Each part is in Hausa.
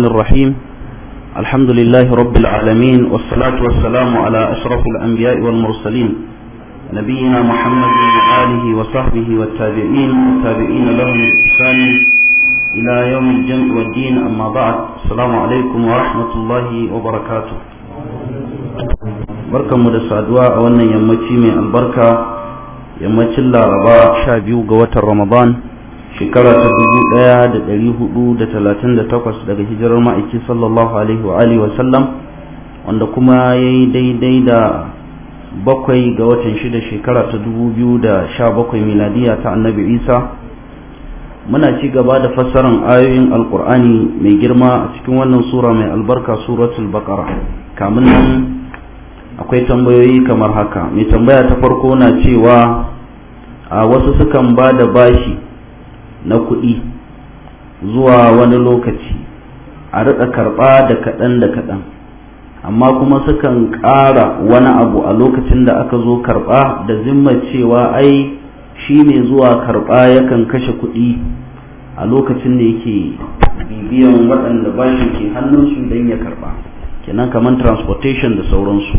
الرحيم الحمد لله رب العالمين والصلاة والسلام على أشرف الأنبياء والمرسلين نبينا محمد وآله وصحبه والتابعين والتابعين لهم بإحسان إلى يوم الجمع والدين أما بعد السلام عليكم ورحمة الله وبركاته barkan mu da saduwa a wannan yammaci mai albarka yammacin laraba 12 ga watan ramadan shekara ta dubu ɗaya da ɗari hudu da talatin da takwas daga hijirar ma'aiki sallallahu alaihi wa alihi wanda kuma ya yi daidai da bakwai ga watan shida shekara ta dubu biyu da sha bakwai miladiya ta annabi isa muna ci gaba da fassarar ayoyin alkur'ani mai girma a cikin wannan sura mai albarka suratul baqara kamun nan akwai tambayoyi kamar haka mai tambaya ta farko na cewa a wasu sukan ba da bashi na kuɗi zuwa wani lokaci a riƙa karɓa da kaɗan da kaɗan amma kuma sukan ƙara wani abu a lokacin da aka zo karɓa da zimma cewa ai shi mai zuwa karɓa yakan kashe kuɗi a lokacin da yake bibiyan waɗanda bashi ke hannunsu don ya karɓa kenan kamar transportation da sauransu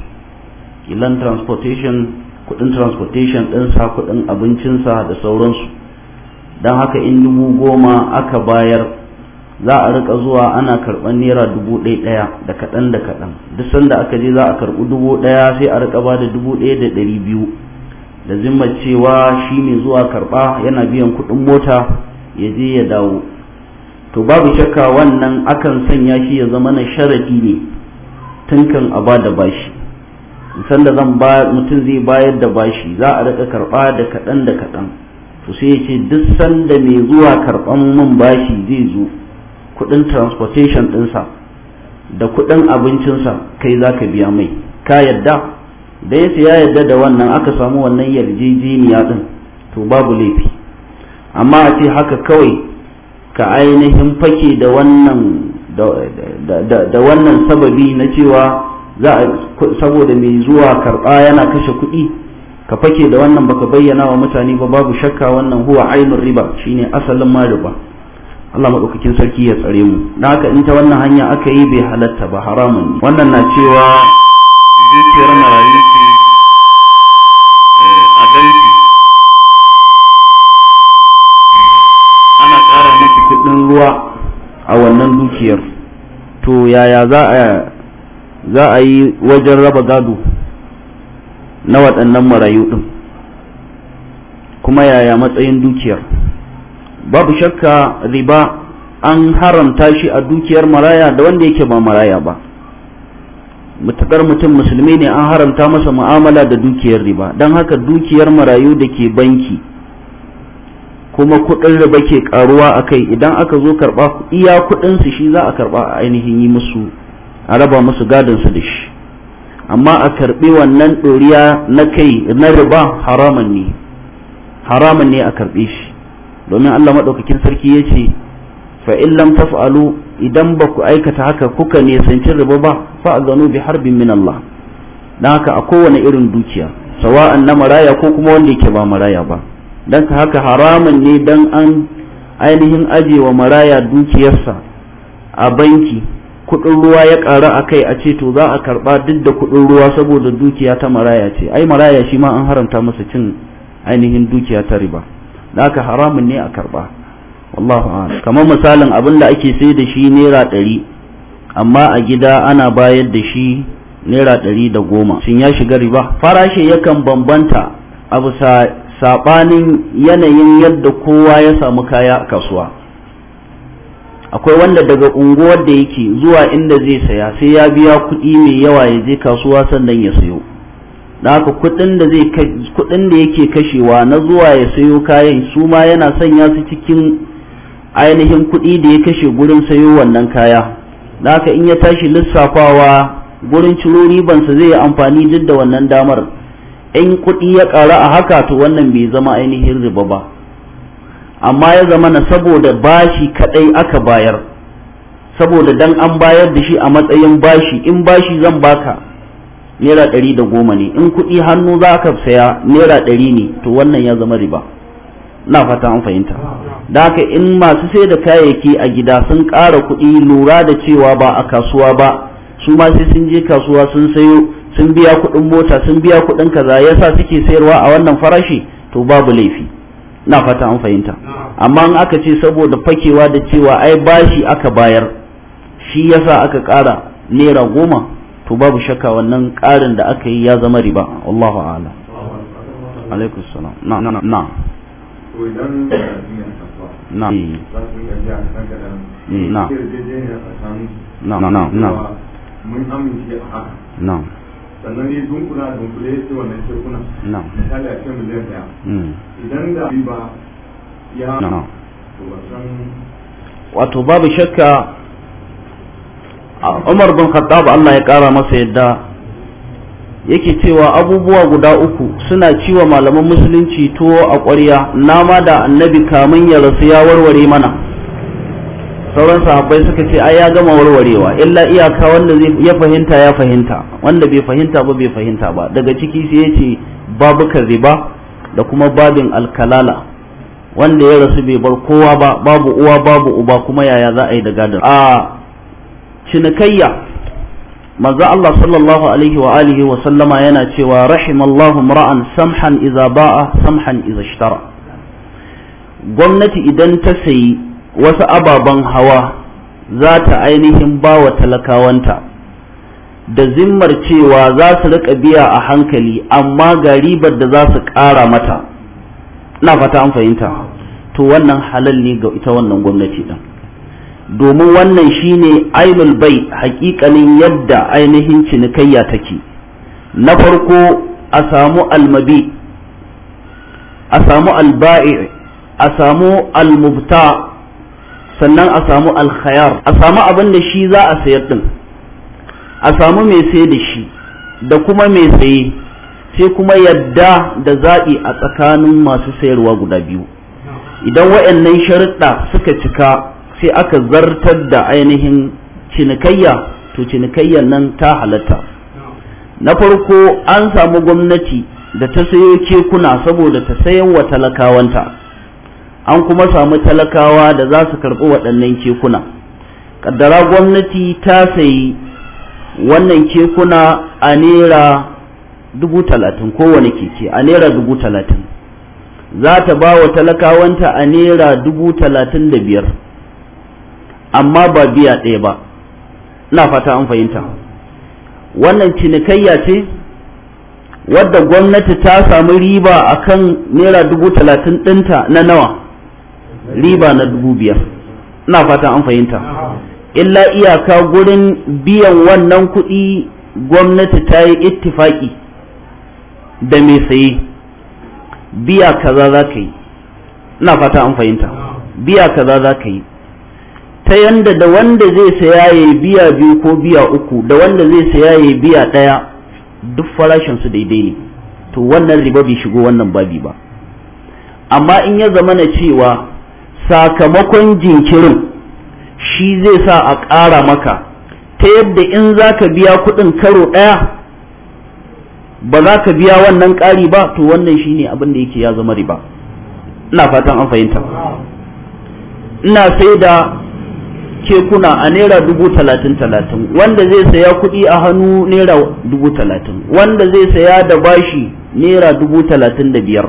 kilan transportation kuɗin transportation ɗinsa kuɗin abincinsa da sauransu don haka in dubu goma aka bayar za a rika zuwa ana karɓar naira dubu ɗaya da kaɗan da kaɗan duk sanda aka je za a karɓi dubu ɗaya sai a rika bada dubu ɗaya da ɗari biyu da zimmar cewa shi ne zuwa karɓa yana biyan kuɗin mota ya je ya dawo to babu shakka wannan akan sanya shi ya zama na sharadi ne tunkan a ba da bashi sanda zan ba mutum zai bayar da bashi za a rika karɓa da kaɗan da kaɗan to sai ya ce duk sanda mai zuwa karɓan mun bashi zai zo kuɗin transportation ɗinsa da kuɗin abincinsa kai za ka biya mai ka yadda da ya ya yadda da wannan aka samu wannan yarjejeniya ɗin to babu laifi amma a ce haka kawai ka ainihin fake da wannan sababi na cewa saboda mai zuwa karɓa yana kashe kuɗi ka fake da wannan baka bayyana wa mutane ba babu shakka wannan huwa ainun riba shine asalin ma riba Allah maɗaukakin sarki ya tsare mu don haka in ta wannan hanya aka yi bai halatta ba haramun wannan na cewa dukiyar marayu ce eh, a banki ana ƙara miki kuɗin ruwa a wannan dukiyar to yaya za a yi wajen raba gado na waɗannan marayu ɗin kuma yaya matsayin dukiyar babu shakka riba an haramta shi a dukiyar maraya da wanda yake ba maraya ba mutakar mutum musulmi ne an haramta masa mu'amala da dukiyar riba don haka dukiyar marayu da ke banki kuma kudin riba ke karuwa a kai idan aka zo karba iya kudinsu shi za a karba a ainihin yi musu a raba musu gadonsu da shi amma a karbi wannan ɗoriya na kai na riba haraman ne haraman ne a karbi shi domin Allah maɗaukakin sarki yace ce fa in lam taf'alu idan ba ku aikata haka kuka ne sanci riba ba fa azanu bi harbin min Allah dan haka a kowane irin dukiya sawa'an na maraya ko kuma wanda yake ba maraya ba dan haka haraman ne dan an ainihin ajewa maraya dukiyarsa a banki kudin ruwa ya ƙara a kai a ce to za a karɓa duk da kudin ruwa saboda dukiya ta maraya ce ai maraya shi ma an haramta masa cin ainihin dukiya ta riba da aka haramun ne a karɓa wallahu kamar misalin abin da ake sai da shi naira ɗari amma a gida ana bayar da shi naira ɗari da goma shin ya shiga riba farashi yakan bambanta a bisa saɓanin yanayin yadda kowa ya samu kaya a kasuwa akwai wanda daga unguwar da yake zuwa inda zai saya sai ya biya kuɗi mai yawa ya je kasuwa sannan ya sayo da haka kuɗin da yake kashewa na zuwa ya sayo kayan su ma yana sanya su cikin ainihin kuɗi da ya kashe gurin sayo wannan kaya da haka in ya tashi lissafawa gurin ciro ribansa zai yi amfani duk da wannan damar in kuɗi ya ƙaru a haka to wannan bai zama ainihin riba ba amma ya zama na saboda bashi kadai aka bayar saboda dan an bayar da shi a matsayin bashi in bashi zan baka naira ɗari da goma ne in kuɗi hannu za ka saya naira ɗari ne to wannan ya zama riba na fata an fahimta da haka in masu sai da kayayyaki a gida sun ƙara kuɗi lura da cewa ba a kasuwa ba su ma sai sun je kasuwa sun sayo sun biya kuɗin mota sun biya kuɗin kaza yasa suke sayarwa a wannan farashi to babu laifi na fata an fahimta amma in aka ce saboda fakewa da cewa ai bashi aka bayar shi yasa aka ƙara naira goma to babu shakka wannan ƙarin da aka yi ya zama riba wallahu a'lam alaikum salam na na na na na na na na na sannan ne dunkule ya ce wannan tekuna misali a ce miliyan daya hmm. idan da riba ya wato babu shakka Umar bin Khattab Allah ya kara masa yadda yake cewa abubuwa guda uku suna ciwa malaman musulunci tuwo a ƙwarya nama da annabi kamun ya rasu ya warware mana sauran sahabbai suka ce ai ya gama warwarewa illa iyaka wanda zai ya fahimta ya fahimta wanda bai fahimta ba bai fahimta ba daga ciki sai ya ce babukan riba da kuma babin alkalala wanda ya rasu bai bar kowa ba babu uwa babu uba kuma yaya za a yi da gadon a cinikayya manzo Allah sallallahu alaihi wa alihi wa sallama yana cewa rahimallahu mar'an samhan idza ba'a samhan idza ishtara gwamnati idan ta sayi wasu ababen hawa za ta ainihin ba wa talakawanta da zimmar cewa za su riƙa biya a hankali amma ga ribar da za su ƙara mata na fata an fahimta to wannan halal ne ga ita wannan gwamnati ɗin domin wannan shine ainul bai haƙiƙanin yadda ainihin cinikayya take na farko a samu almabi a samu alba'i a samu almubta sannan a samu alkhayar a samu abin da shi za a sayar din a samu mai sai da shi da kuma mai saye sai kuma yadda da zaɓi a tsakanin masu sayarwa guda biyu idan wa'annan sharuɗa suka cika sai aka zartar da ainihin cinikayya to cinikayyar nan ta halatta na farko an samu gwamnati da ta sayo kekuna saboda ta sayan wa talakawanta an kuma samu talakawa da za su karɓi waɗannan kekuna ƙaddara gwamnati ta sayi wannan kekuna a naira dubu talatin kowane keke a naira dubu talatin za ta ba wa talakawanta a naira dubu talatin da biyar amma ba biya ɗaya ba na fata an fahimta wannan cinikayya ce wadda gwamnati ta samu riba akan naira dubu talatin ɗinta na nawa riba na dubu biyar ina fata an fahimta illa iyaka gurin biyan wannan kuɗi gwamnati ta yi ittifaƙi da mai saye biya kaza za ka yi ina fata an fahimta biya kaza za ka yi ta yanda da wanda zai saya ya yi biya biyu ko biya uku da wanda zai saya ya yi biya ɗaya duk farashinsu daidai ne to wannan riba bai shigo wannan babi ba amma in ya zama na cewa sakamakon jinkirin shi zai sa a ƙara maka ta yadda in za ka biya kuɗin karo ɗaya ba za ka biya wannan ƙari ba to wannan shi ne abin da yake ya zama riba ina fatan an fahimta ina sai da kekuna a naira dubu talatin talatin wanda zai saya kuɗi a hannu naira dubu talatin wanda zai saya da bashi naira dubu talatin da biyar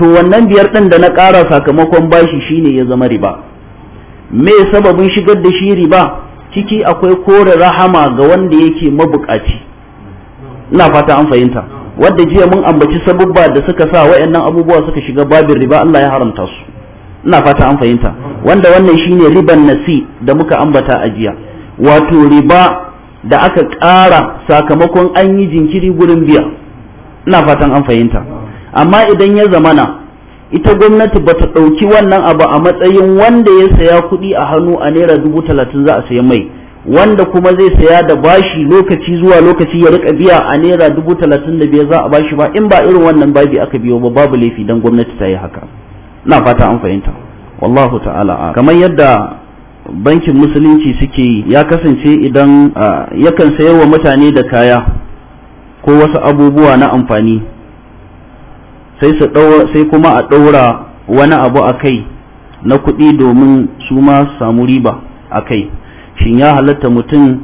to wannan biyar ɗin da na ƙara sakamakon bashi shine ya zama riba me sababin shigar da shi riba ciki akwai kore rahama ga wanda yake mabukaci ina fata an fahimta wadda jiya mun ambaci sabubba da suka sa wayannan abubuwa suka shiga babin riba Allah ya haramta su ina fata an fahimta wanda wannan shine riban nasi da muka ambata a jiya wato riba da aka ƙara sakamakon an yi jinkiri gurin biya ina fatan an fahimta amma idan ya zamana ita gwamnati bata ɗauki wannan abu a matsayin wanda ya saya kuɗi a hannu a naira dubu talatin za a sayi mai wanda kuma zai saya da bashi lokaci zuwa lokaci ya rika biya a naira dubu talatin da biyar za a bashi ba in ba irin wannan babi aka biyo ba babu laifi dan gwamnati ta yi haka na fata an fahimta wallahu ta'ala kamar yadda bankin musulunci suke yi ya kasance idan ah, yakan sayarwa wa mutane da kaya ko wasu abubuwa na amfani sai su sai kuma a ɗaura wani abu a kai na kuɗi domin su ma samu riba a kai shin ya halatta mutum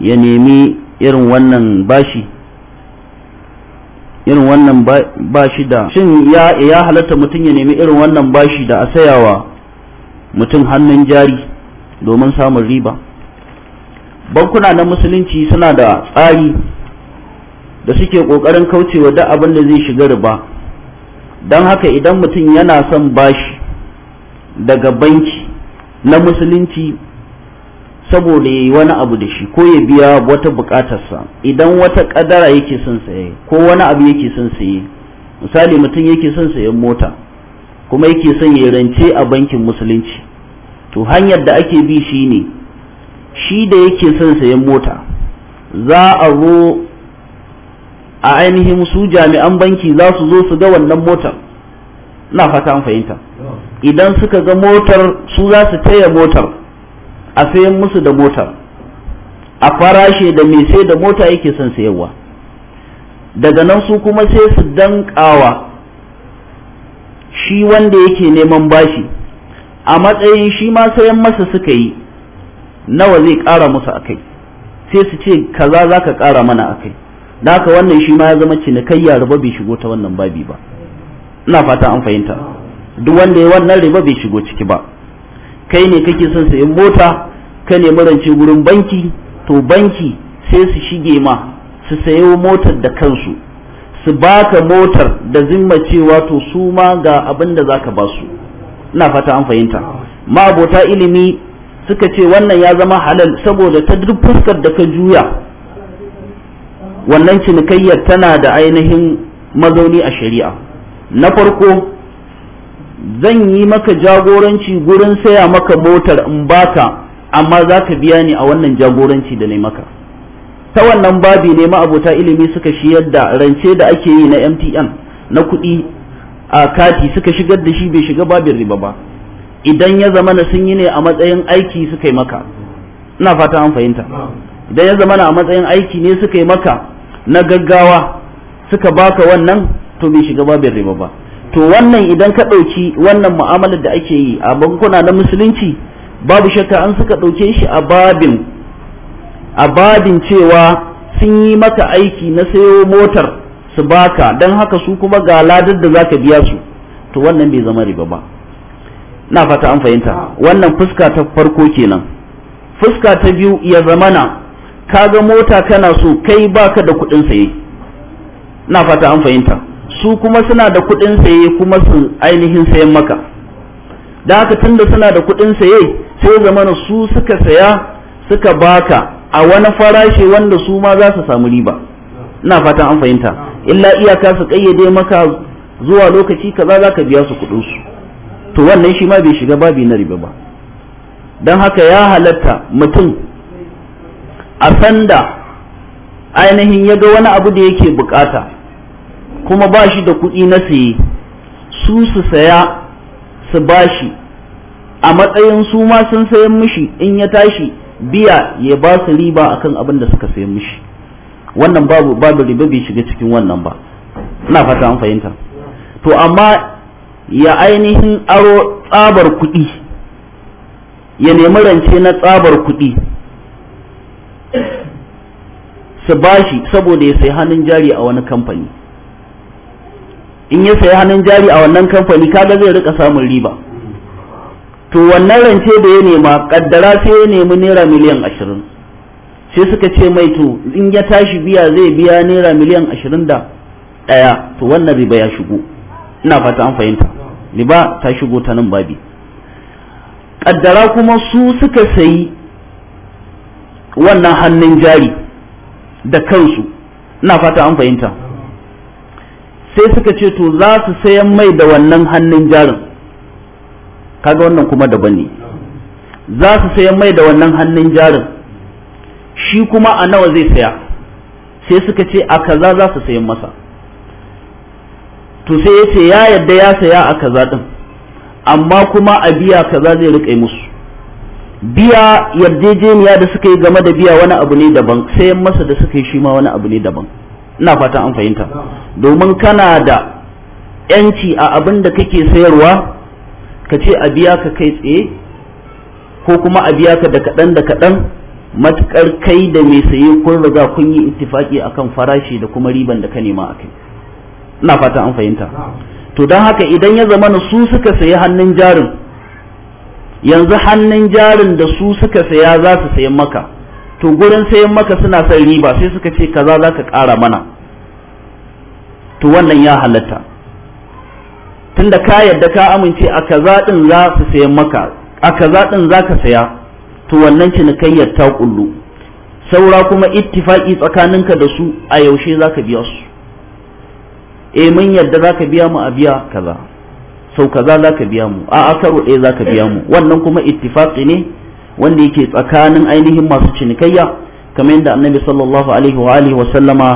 ya nemi irin wannan bashi irin wannan bashi da shin ya halatta mutum ya nemi irin wannan bashi da a sayawa mutum hannun jari domin samun riba bankuna na musulunci suna da tsari da suke ƙoƙarin kaucewa duk abin da zai shiga riba don haka idan mutum yana son bashi daga banki na musulunci saboda ya yi wani abu da shi ko ya biya wata bukatarsa idan wata kadara yake son saye ko wani abu yake son saye misali mutum yake son sayen mota kuma yake son ya rance a bankin musulunci to hanyar da ake bi shi ne shi da yake son sayen mota za a zo a ainihin su jami'an banki za su zo su ga wannan motar na fata an fahimta idan suka ga motar su za su taya motar a sayan musu da motar a farashe da mai sai da mota yake son sayarwa daga nan su kuma sai su dankawa shi wanda yake neman bashi a matsayin shi ma sayan masa suka yi nawa zai kara musu kai sai su ce kaza za ka ƙara mana akai da haka wannan shi ma ya zama cinikayya riba bai shigo ta wannan babi ba ina fata an fahimta duk wanda ya wannan riba bai shigo ciki ba kai ne kake son sayan mota ka nemi rance gurin banki to banki sai su shige ma su sayo motar da kansu su baka motar da zimma cewa to su ma ga abin da zaka ba su ina fata an fahimta ma abota ilimi suka ce wannan ya zama halal saboda ta duk fuskar da ka juya wannan cinikayyar tana da ainihin mazauni a shari'a na farko zan yi maka jagoranci gurin saya maka motar in baka amma za ka biya ni a wannan jagoranci da na maka ta wannan babi ne ma'abuta ilimi suka shiyar da rance da ake yi na mtn na kuɗi a kati suka shigar da shi bai shiga babin riba ba idan ya zama na sun yi ne a matsayin aiki suka yi maka ina fata an fahimta idan ya zama na a matsayin aiki ne suka yi maka na gaggawa suka baka wannan to bai shiga babin riba ba to wannan idan ka ɗauki wannan mu'amalar da ake yi a bankuna na musulunci babu shakka an suka ɗauke shi a babin a babin cewa sun yi maka aiki na sayo motar su baka don haka su kuma ga ladar da zaka biya su to wannan bai zama riba ba na fata an fahimta wannan fuska ta farko kenan fuska ta biyu ya zamana ka ga mota kana so kai baka da kuɗin saye na fata an fahimta su kuma suna da kuɗin saye kuma su ainihin sayan maka da haka tunda suna da kuɗin saye sai zamana su suka saya suka baka a wani farashi wanda su ma za su samu riba ina fata an fahimta illa iyaka su kayyade maka zuwa lokaci kaza za ka biya su kuɗin su to wannan shi ma bai shiga babi na riba ba don haka ya halatta mutum a sanda ainihin ya ga wani abu da yake bukata kuma ba shi da kuɗi na saye su su saya su bashi a matsayin su ma sun sayan mishi in ya tashi biya ya ba su riba akan abin da suka sayan mishi wannan babu babu riba bai shiga cikin wannan ba ina fata an fahimta to amma ya ainihin aro tsabar kuɗi ya nemi rance na tsabar kuɗi ta bashi saboda ya sai hannun jari a wani kamfani in ya sai hannun jari a wannan kamfani kaga zai rika samun riba to wannan rance da ya nema kaddara sai ya nemi naira miliyan ashirin sai suka ce mai to in ya tashi biya zai biya naira miliyan ashirin da ɗaya to wannan riba ya shigo ina fata an fahimta riba ta shigo ta nan babi kaddara kuma su suka sayi wannan hannun jari da kansu ina fata an fahimta sai suka ce to za su sayan mai da wannan hannun jarin kaga wannan kuma daban ne za su sayan mai da wannan hannun jarin shi kuma a nawa zai saya sai suka ce a kaza za su sayan masa to sai ya ce ya yadda ya saya a kaza din amma kuma a biya kaza zai riƙe musu biya yarjejeniya da suka yi game da biya wani abu ne daban sai masa da suka yi shi ma wani abu ne daban ina fatan an fahimta domin kana da yanci a abin da kake sayarwa ka ce a biya ka kai tsaye ko kuma a biya ka da kaɗan da kaɗan matuƙar kai da mai saye kun riga kun yi ittifaki akan farashi da kuma riban da ka nema a kai ina fatan an fahimta to don haka idan ya zama su suka sayi hannun jarin yanzu hannun jarin da su suka saya za su sayan maka to gurin sayan maka suna son riba sai suka ce kaza za ka ƙara mana to wannan ya halatta tunda ka yadda ka amince a kaza ɗin za su sayan maka a kaza ɗin za ka saya to wannan cinikayyar ta kullu saura kuma ittifaki tsakaninka da su a yaushe za ka biya su e mun yadda za ka biya mu a biya kaza sau kaza za ka biya mu a'a karo ɗaya za ka biya mu wannan kuma ittifaqi ne wanda yake tsakanin ainihin masu cinikayya kamar yadda annabi sallallahu alaihi wa alihi wa sallama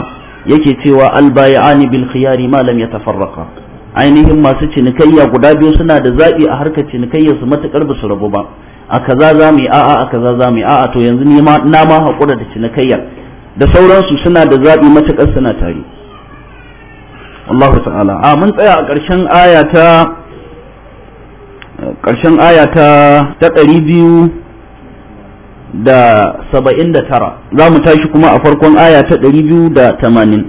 yake cewa albayani bil khiyari ma lam yatafarraqa ainihin masu cinikayya guda biyu suna da zabi a harkar cinikayya su matakar ba su rabu ba a kaza za mu yi a'a a kaza za mu yi a'a to yanzu ni na ma hakura da cinikayya da sauransu suna da zabi matakar suna tare Allah ta'ala a mun tsaya a ƙarshen aya ta ƙarshen aya ta ɗari biyu da saba'in da tara za mu tashi kuma a farkon aya ta ɗari biyu da tamanin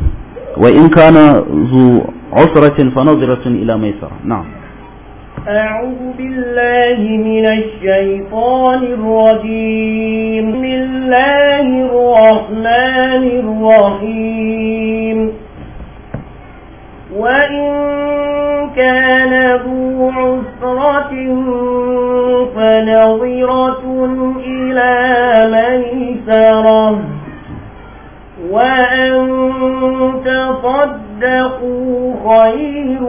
wa in kana zu usratin fa naziratun ila maisara na'am أعوذ بالله من الشيطان الرجيم بسم الله الرحمن الرحيم وإن كان ذو عسرة فنظرة إلى ميسرة وأن تصدقوا خير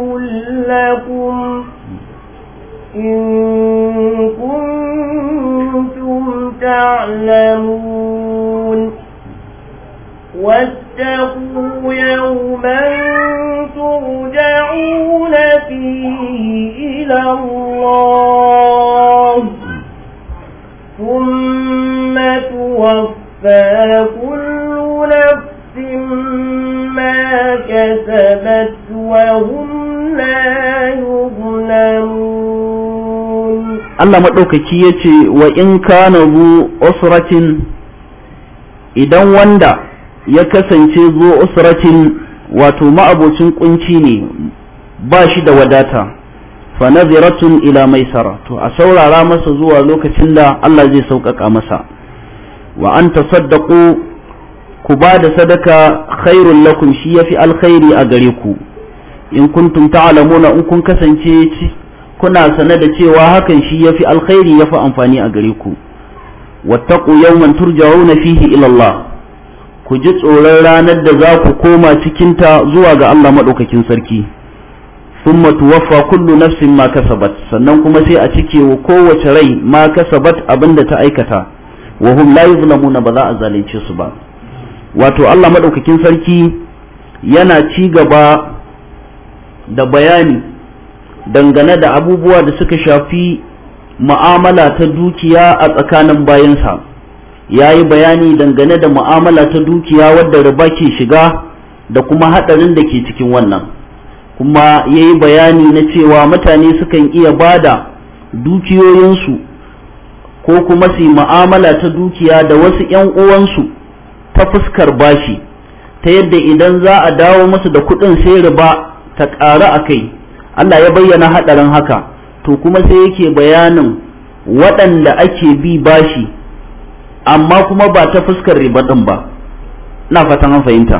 لكم إن كنتم تعلمون واتقوا يوما ترجعون فيه إلى الله ثم توفى كل نفس ما كسبت وهم لا يظلمون الله مدوكي يتي وإن كان ذو أسرة إذا وندا ya kasance zo usratin wato ma'abocin kunci ne ba shi da wadata fa naziratun ila maisara to a saurara masa zuwa lokacin da Allah zai sauƙaƙa masa wa an tasaddaqu ku ba da sadaka khairul lakum shi yafi alkhairi a gare ku in kuntum ta'lamuna in kun kasance kuna sane da cewa hakan shi yafi alkhairi yafi amfani a gare ku wattaqu yawman turja'una fihi ila Allah ku ji tsoron ranar da za ku koma cikinta zuwa ga Allah maɗaukakin sarki thumma tuwaffa kullu nafsin ma kasabat sannan kuma sai a cike wa kowace rai ma kasabat abinda ta aikata wa hum la yuzlamuna ba za a zalunce su ba wato Allah maɗaukakin sarki yana ci gaba da bayani dangane da abubuwa da suka shafi ma'amala ta dukiya a tsakanin bayansa ya yi bayani dangane da mu'amala ta dukiya wadda riba ke shiga da kuma haɗarin da ke cikin wannan kuma ya yi bayani na cewa mutane sukan iya bada dukiyoyinsu ko kuma su yi mu'amala ta dukiya da wasu 'yan uwansu ta fuskar bashi ta yadda idan za a dawo musu da kuɗin sai riba ta ƙara a kai Allah ya bayyana haɗarin haka to kuma sai yake bayanin waɗanda ake bi bashi amma kuma ba ta fuskar riba din ba ina fatan an fahimta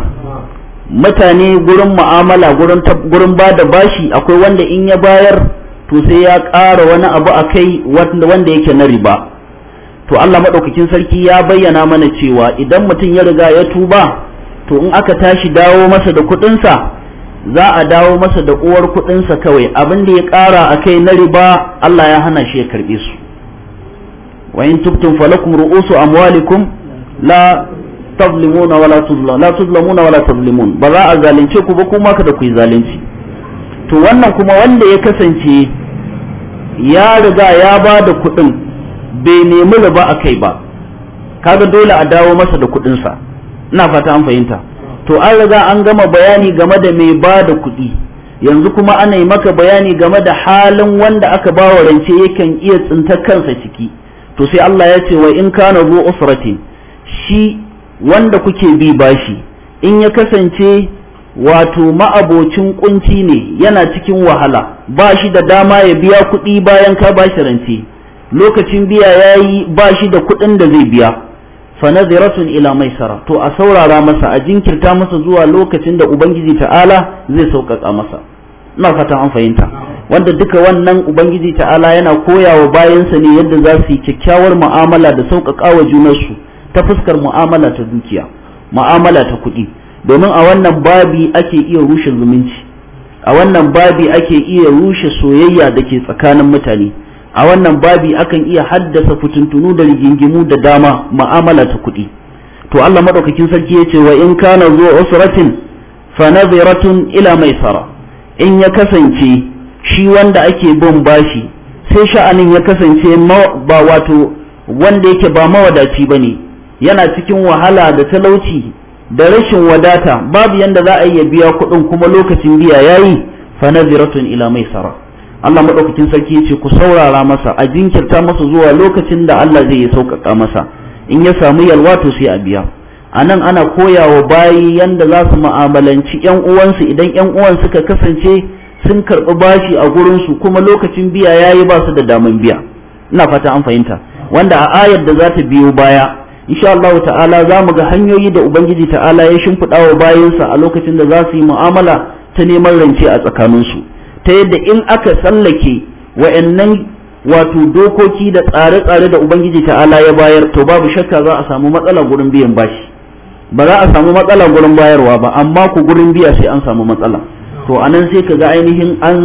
mutane gurin mu'amala gurin gurin bada bashi akwai wanda in ya bayar to sai ya ƙara wani abu a kai wanda yake na riba to Allah maɗaukakin sarki ya bayyana mana cewa idan mutum ya riga ya tuba to in aka tashi dawo masa da kuɗinsa za a dawo masa da uwar kuɗinsa kawai abin da ya ƙara a kai na riba Allah ya hana shi ya karɓe su wa in فلكم رؤوس أموالكم لا تظلمون ولا تظلمون لا تظلمون ولا تظلمون tazlimun ba za a zalunce ku ba kuma kada ku وانا zalunci to wannan kuma wanda ya kasance ya riga ya bada da kuɗin bai nemi a kai ba kaga dole a dawo masa da kuɗinsa ina fata an fahimta to an riga an gama bayani game da mai ba da kuɗi yanzu kuma ana yi maka bayani game da halin wanda aka ba wa rance yakan iya tsinta kansa ciki to sai Allah ya ce wa in kana zo usrati shi wanda kuke bi bashi in ya kasance wato ma'abocin kunci ne yana cikin wahala bashi da dama ya biya kuɗi bayan ka bashi rance lokacin biya yayi ba shi da kuɗin da zai biya fa nadhiratun ila maisara to a saurara masa a jinkirta masa zuwa lokacin da ubangiji ta'ala zai sauƙaƙa masa ina fatan an fahimta wanda duka wannan ubangiji ta'ala yana koyawa bayansa ne yadda za su yi kyakkyawar mu'amala da sauƙaƙawa junarsu ta fuskar mu'amala ta dukiya mu'amala ta kuɗi domin a wannan babi ake iya rushe zumunci a wannan babi ake iya rushe soyayya da ke tsakanin mutane a wannan babi akan iya haddasa fitintunu da rigingimu da dama mu'amala ta kuɗi to Allah madaukakin sarki ya ce wa in kana zuwa usratin fa nadhiratun ila maisara in ya kasance shi wanda ake bin bashi sai sha'anin ya kasance ba wato wanda yake ba mawadaci bane yana cikin wahala da talauci da rashin wadata babu yanda za a iya biya kuɗin kuma lokacin biya yayi fa naziratun ila mai tsara. Allah madaukakin sarki ce ku saurara masa a jinkirta masa zuwa lokacin da Allah zai sauƙaƙa masa in ya samu yalwa to sai a biya anan ana koyawa bayi yanda za su mu'amalanci ƴan uwansu idan ƴan uwan suka kasance sun karɓi bashi a gurinsu kuma lokacin biya ya yi ba su da daman biya ina fata an fahimta wanda a ayar da za ta biyo baya insha Allah ta'ala za mu ga hanyoyi da ubangiji ta'ala ya shimfiɗa wa bayansa a lokacin da za su yi mu'amala ta neman rance a tsakaninsu ta yadda in aka tsallake wa'annan wato dokoki da tsare-tsare da ubangiji ta'ala ya bayar to babu shakka za a samu matsala gurin biyan bashi ba za a samu matsala gurin bayarwa ba amma ku gurin biya sai an samu matsala to anan sai kaga ainihin an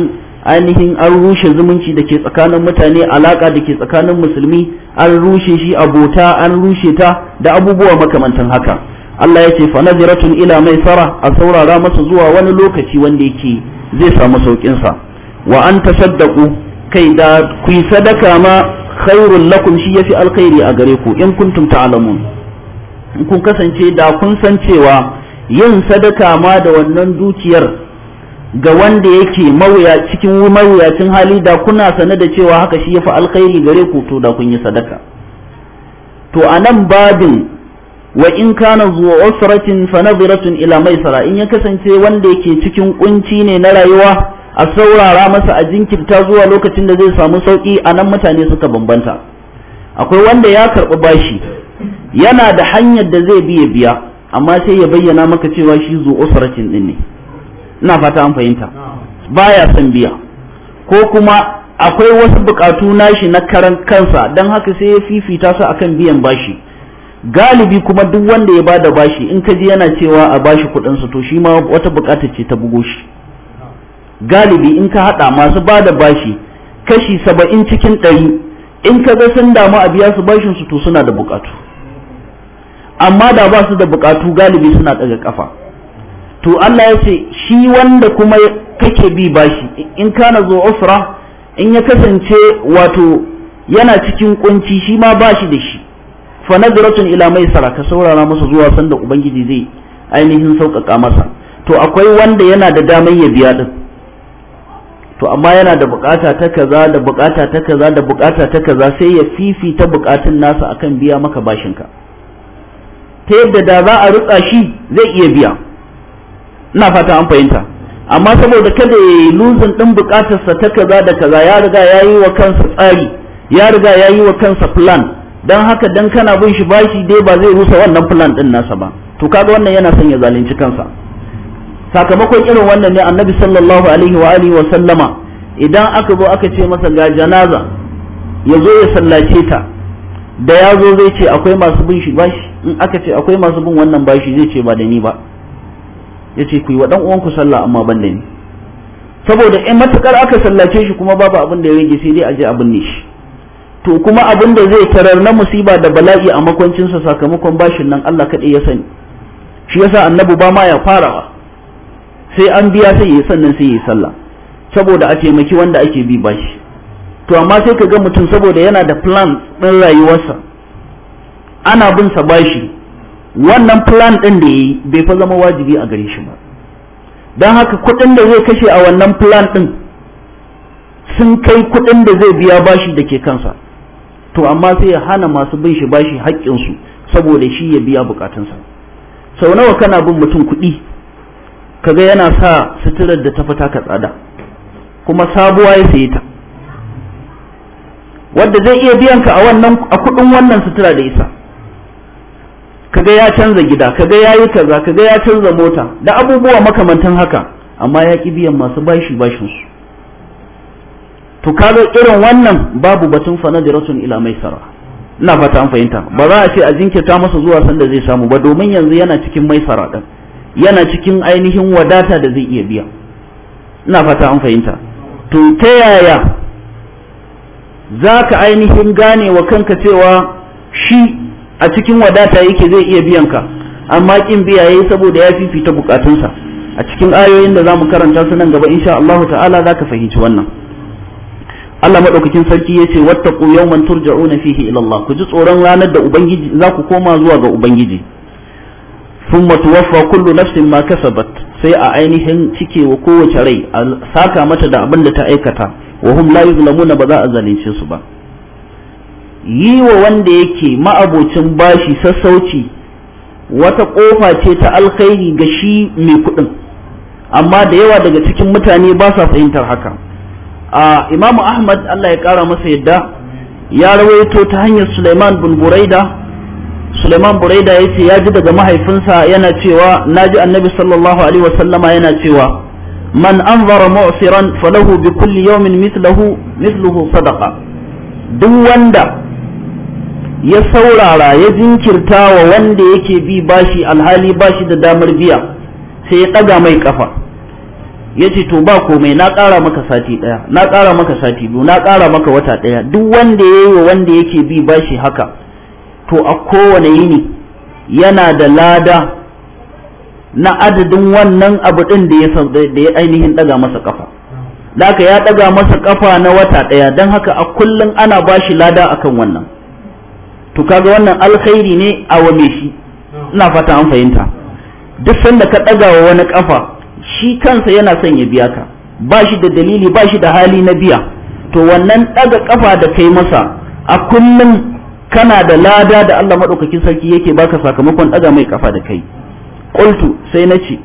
ainihin an rushe zumunci da ke tsakanin mutane alaka da ke tsakanin musulmi an rushe shi abota an rushe ta da abubuwa makamantan haka Allah ya ce fa naziratun ila mai fara a saurara masa zuwa wani lokaci wanda yake zai samu saukin sa wa an tasaddaqu kai da ku yi sadaka ma khairul lakum shi yafi alkhairi a gare ku in kuntum ta'lamun in kun kasance da kun san cewa yin sadaka ma da wannan dukiyar ga wanda yake mawuya cikin mawuyacin hali da kuna sane da cewa haka shi ya fi alkhairi gare ku to da kun yi sadaka to anan babin wa in kana zuwa usratin fa nadratun ila maisara in ya kasance wanda yake cikin kunci ne na rayuwa a saurara masa a jinkirta zuwa lokacin da zai samu sauki anan mutane suka bambanta akwai wanda ya karɓi bashi yana da hanyar da zai biya biya amma sai ya bayyana maka cewa shi zuwa usratin din ne ina fata an fahimta baya son biya ko kuma akwai wasu bukatu nashi na karan kansa don haka sai ya fifita su akan biyan bashi galibi kuma duk wanda ya bada bashi in ka ji yana cewa a bashi kuɗin su to shi ma wata bukata ce ta bugo shi galibi in ka hada masu bada bashi kashi saba'in cikin ɗari in ka ga sun damu a biya su bashin su to suna da bukatu amma da ba su da bukatu galibi suna ɗaga kafa to Allah ya ce shi wanda kuma kake bi bashi in kana zo usra in ya kasance wato yana cikin kunci shi ma bashi da shi fa nadratun ila maisara ka saurara masa zuwa sanda ubangiji zai ainihin sauƙaƙa masa to akwai wanda yana da damar ya biya din to amma yana da bukata ta kaza da bukata ta kaza da bukata ta kaza sai ya fifita bukatun nasa akan biya maka bashinka ta yadda da za a rutsa shi zai iya biya ina fata an fahimta amma saboda kada ya yi luzin din bukatarsa ta kaza da kaza ya riga ya yi wa kansa tsari ya riga ya yi wa kansa plan don haka dan kana bin shi bashi dai ba zai rusa wannan plan din nasa ba to kaga wannan yana son ya zalunci kansa sakamakon irin wannan ne annabi sallallahu alaihi wa alihi wa sallama idan aka zo aka ce masa ga janaza ya zo ya sallace ta da ya zo zai ce akwai masu bin shi bashi in aka ce akwai masu bin wannan bashi zai ce ba da ni ba yace ku yi wa ɗan uwanku sallah amma ban da ni saboda in matukar aka sallace shi kuma babu abin da ya rage sai dai a je a binne shi to kuma abin da zai tarar na musiba da bala'i a makwancinsa sakamakon bashin nan Allah kaɗai ya sani shi yasa annabi ba ma ya farawa sai an biya sai yi sannan sai yi sallah saboda a taimaki wanda ake bi bashi to amma sai ka ga mutum saboda yana da plan ɗin rayuwarsa ana bin sa bashi wannan plan ɗin da ya yi bai fa zama wajibi a gare shi ba don haka kuɗin da zai kashe a wannan plan ɗin sun kai kuɗin da zai biya bashi da ke kansa to amma sai ya hana masu bin shi bashi haƙƙinsu saboda shi ya biya bukatunsa sau nawa kana bin mutum kuɗi kaga yana sa suturar da ta fita ka tsada kuma sabuwa ya sayi ta wadda zai iya biyan ka a kuɗin wannan sutura da isa kaga ya canza gida kaga yayi kaza kaga ya canza mota da abubuwa makamantan haka amma ya ki biyan masu bashi bashin su to kaga irin wannan babu batun fanadiratun ila maisara ina fata an fahimta ba za a ce a jinkirta masa zuwa sanda zai samu ba domin yanzu yana cikin maisara din yana cikin ainihin wadata da zai iya biya ina fata an fahimta to ta yaya za ka ainihin gane wa kanka cewa shi a cikin wadata yake zai iya biyan ka amma kin biya yayi saboda ya fifita bukatunsa a cikin ayoyin da zamu karanta su nan gaba insha Allah ta'ala zaka fahimci wannan Allah madaukakin sarki yace wattaqu yawman turja'una fihi ila Allah ku ji tsoron ranar da ubangiji za ku koma zuwa ga ubangiji thumma tuwaffa kullu nafsin ma kasabat sai a ainihin cike wa kowace rai a saka mata da abin da ta aikata wa hum la yuzlamuna ba za a zalunce su ba yi wa wanda yake ma'abocin bashi sassauci wata ƙofa ce ta alkhairi ga shi mai kuɗin amma da yawa daga cikin mutane ba sa fahimtar haka a imamu ahmad allah ya ƙara masa yadda ya rawaito ta hanyar suleiman bin buraida suleiman buraida ya ce ya ji daga mahaifinsa yana cewa na ji annabi sallallahu alaihi wasallama yana cewa man an zara mu'siran falahu bi kulli yawmin mithluhu mithluhu sadaqa duk wanda ya saurara ya jinkirta wa wanda yake bi bashi alhali bashi da damar biya sai ya ɗaga mai kafa ya ce to ba komai na ƙara maka sati ɗaya na ƙara maka sati biyu na ƙara maka wata ɗaya duk wanda ya yi wa wanda yake bi bashi haka to a kowane yini yana da lada na adadin wannan abu ɗin da ya ainihin ɗaga masa kafa da ya ɗaga masa kafa na wata ɗaya don haka a kullum ana bashi lada akan wannan to kaga wannan alkhairi ne a wame shi ina fata an fahimta duk sanda ka ɗaga wa wani kafa shi kansa yana son ya biya ka ba shi da dalili ba shi da hali na biya to wannan ɗaga kafa da kai masa a kullum kana da lada da Allah maɗaukakin sarki yake baka sakamakon ɗaga mai kafa da kai qultu sai na ce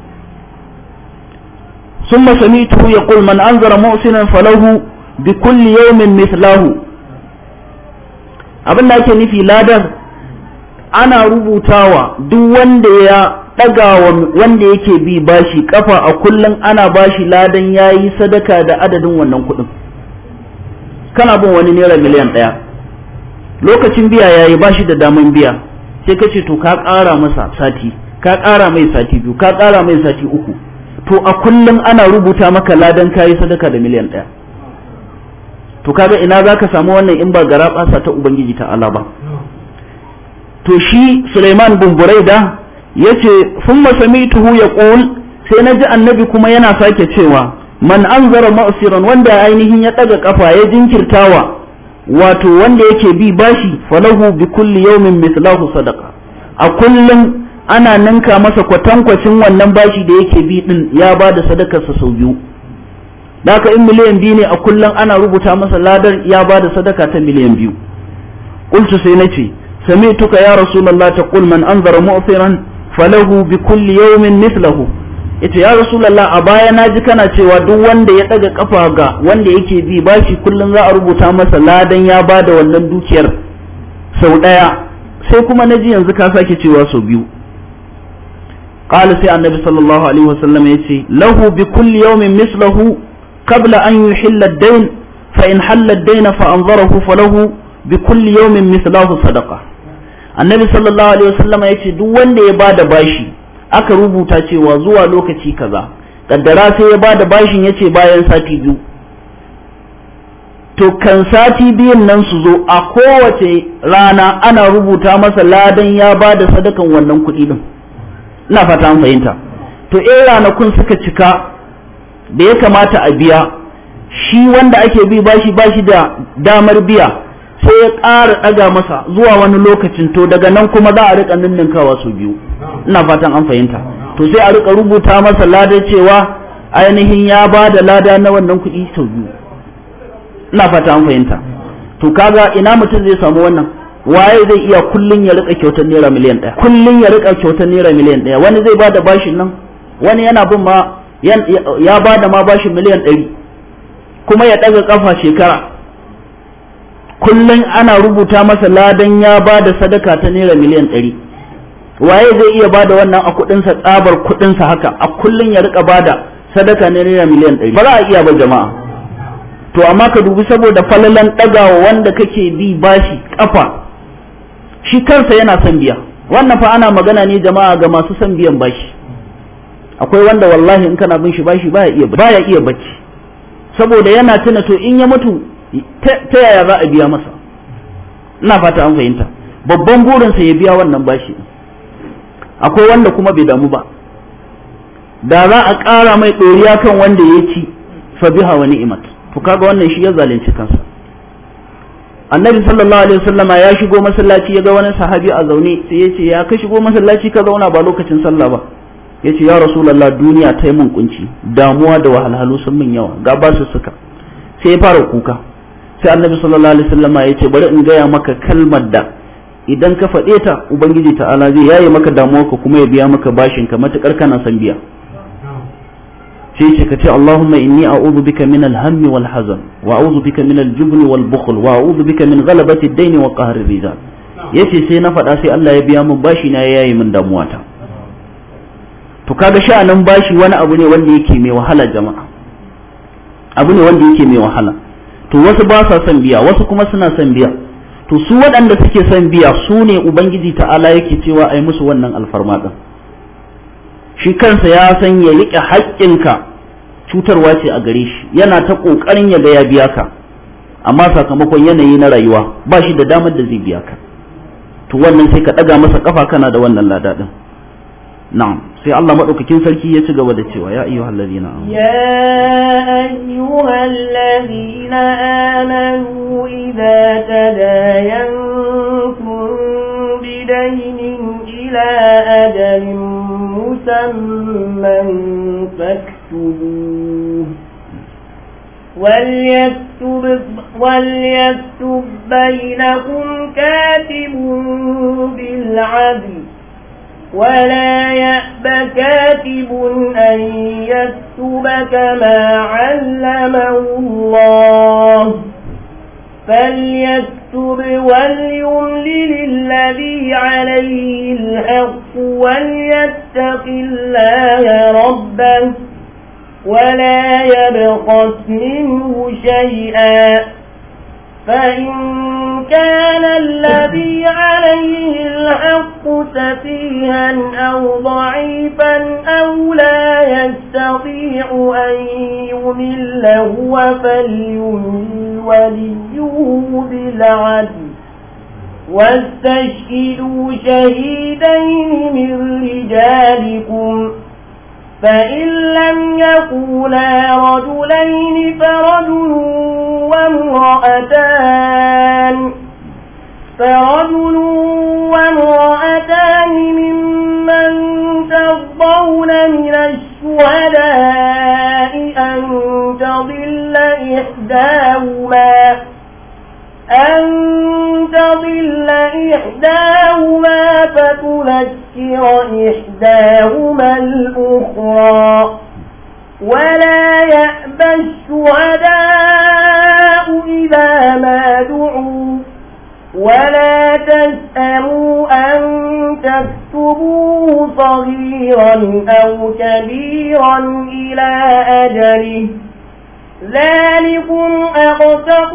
ثم سمعته يقول من أنذر falahu فله بكل يوم مثله abin da ake nufi ladan ana rubutawa duk wanda ya ɗaga wanda yake bi bashi kafa a kullum ana bashi ladan ya yi sadaka da adadin wannan kuɗin kana bin wani naira miliyan ɗaya lokacin biya ya yi bashi da daman biya sai ka ce to ka ƙara masa sati ka ƙara mai sati biyu ka ƙara mai sati uku to a kullum ana rubuta maka ladan ka yi sadaka da miliyan ɗaya to kaga ina zaka samu wannan in ba gara ɓasa ta ubangiji ta Allah ba to shi suleiman bin buraida ya ce sun tuhu ya ƙul sai na ji annabi kuma yana sake cewa man an zara ma'asiran wanda ainihin ya ɗaga kafa ya jinkirtawa wato wanda yake bi bashi falahu bi kulli yawmin mislahu sadaqa a kullum ana ninka masa kwatankwacin wannan bashi da yake bi din ya ba da sadakarsa sau biyu Daka in miliyan biyu ne a kullum ana rubuta masa ladar ya ba da sadaka ta miliyan biyu qultu sai na ce, nace tuka ya rasu lalla rasulullah kulman man anzara mu'siran falahu bi kulli yawmin mithluhu ita ya rasu lalla, a baya na ji kana cewa duk wanda ya ɗaga kafa ga wanda yake bi bashi kullum za a rubuta masa ladan ya ba da wannan dukiyar sau ɗaya, sai kuma na ji yanzu ka sake cewa sau biyu qala sai annabi sallallahu alaihi ya yace lahu bi kulli min mislahu. قبل أن يحل daina فإن حل الدين فأنظره فله بكل يوم مثله صدقة annabi sallallahu alaihi wasallama yace duk wanda ya bada bashi aka rubuta cewa zuwa lokaci kaza kaddara sai ya ba da bashin yace bayan sati biyu to kan sati biyun nan su zo a kowace rana ana rubuta masa ladan ya bada sadakan wannan kuɗi din ina fata an fahimta to in ranakun suka cika da ya kamata a biya shi wanda ake bi bashi bashi da damar biya sai ya ƙara ɗaga masa zuwa wani lokacin to daga nan kuma za a riƙa ninninkawa su biyu ina fatan an fahimta to sai a riƙa rubuta masa lada cewa ainihin ya ba da lada na wannan kuɗi sau biyu ina fata an fahimta to kaga ina mutum zai samu wannan waye zai iya kullun ya riƙa kyautar naira miliyan ɗaya kullun ya riƙa kyautar naira miliyan ɗaya wani zai ba da bashin nan wani yana bin ma ya ba da ma bashi miliyan ɗari kuma ya ɗaga ƙafa shekara kullum ana rubuta masa ladan ya ba da sadaka ta naira miliyan ɗari waye zai iya ba da wannan a kuɗinsa tsabar kuɗinsa haka a kullum ya riƙa ba da sadaka na naira miliyan ɗari ba za a iya ba jama'a to amma ka dubi saboda falalan ɗagawa wanda kake bi bashi ƙafa shi kansa yana son biya wannan fa ana magana ne jama'a ga masu son biyan bashi akwai wanda wallahi in kana bin shi ba ya iya ya iya bacci saboda yana tuna to in ya mutu ta yaya za a biya masa ina fata an fahimta babban burinsa ya biya wannan bashi akwai wanda kuma bai damu ba da za a ƙara mai ɗoriya kan wanda ya ci fa biha wa ni'mat to kaga wannan shi ya zalunci kansa annabi sallallahu alaihi wasallam ya shigo masallaci ya ga wani sahabi a zaune sai ya ce ya ka shigo masallaci ka zauna ba lokacin sallah ba ya ce ya rasulullah duniya ta yi mun kunci damuwa da wahalhalu sun min yawa ga ba su suka sai ya fara kuka sai annabi sallallahu alaihi wasallama yace bari in gaya maka kalmar da idan ka faɗe ta ubangiji ta'ala zai yaye maka damuwa ka kuma ya biya maka bashin ka matukar kana san biya sai ce ka ce Allahumma inni a'udhu bika min al-hammi wal hazan wa a'udhu bika min al wal bukhl wa a'udhu bika min ghalabati ad-dayn wa rizal rijal yace sai na faɗa sai Allah ya biya min bashi na ya yaye min damuwata to kaga sha'anin bashi wani abu ne wanda yake mai wahala jama'a abu ne wanda yake mai wahala to wasu ba sa son biya wasu kuma suna son biya to su waɗanda suke son biya su ne ubangiji ta'ala yake cewa ai musu wannan alfarma din shi kansa ya san ya riƙe haƙƙinka cutarwa ce a gare shi yana ta ƙoƙarin ya ga ya biya ka amma sakamakon yanayi na rayuwa ba shi da damar da zai biya ka to wannan sai ka ɗaga masa kafa kana da wannan lada ɗin na'am sai Allah madaukakin sarki ya ci gaba da cewa ya ayyuhal ladina amanu ya ayyuhal ladina amanu idza tadayantum bidaynin ila ajalin musamman faktubu وليكتب, وليكتب بينكم كاتب بالعدل ولا يأب كاتب أن يكتب كما علمه الله فليكتب وليملل الذي عليه الحق وليتق الله ربه ولا يبخس منه شيئا فإن كان الذي عليه الحق سفيها أو ضعيفا أو لا يستطيع أن يمل هو فليمل وليه بالعدل واستشهدوا شهيدين من رجالكم فإن لم يقولا رجلين فرجل وامرأتان فرجل وامرأتان ممن ترضون من الشهداء أن تضل إحداهما أن تضل إحداهما فتنكر إحداهما الأخرى ولا يأبى الشهداء إذا ما دعوا ولا تسألوا أن تكتبوه صغيرا أو كبيرا إلى أجله ذلكم أقسط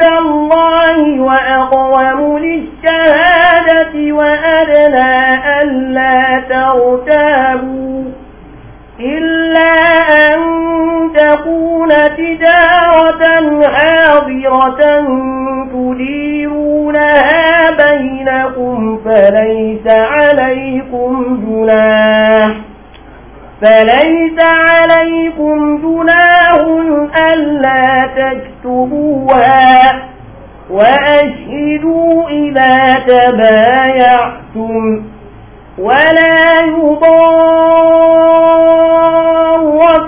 هدى الله وأقوم للشهادة وأدنى ألا ترتابوا إلا أن تكون تجارة حاضرة تديرونها بينكم فليس عليكم جناح فليس عليكم جناه ألا تكتبوها وأشهدوا إذا تبايعتم ولا يضار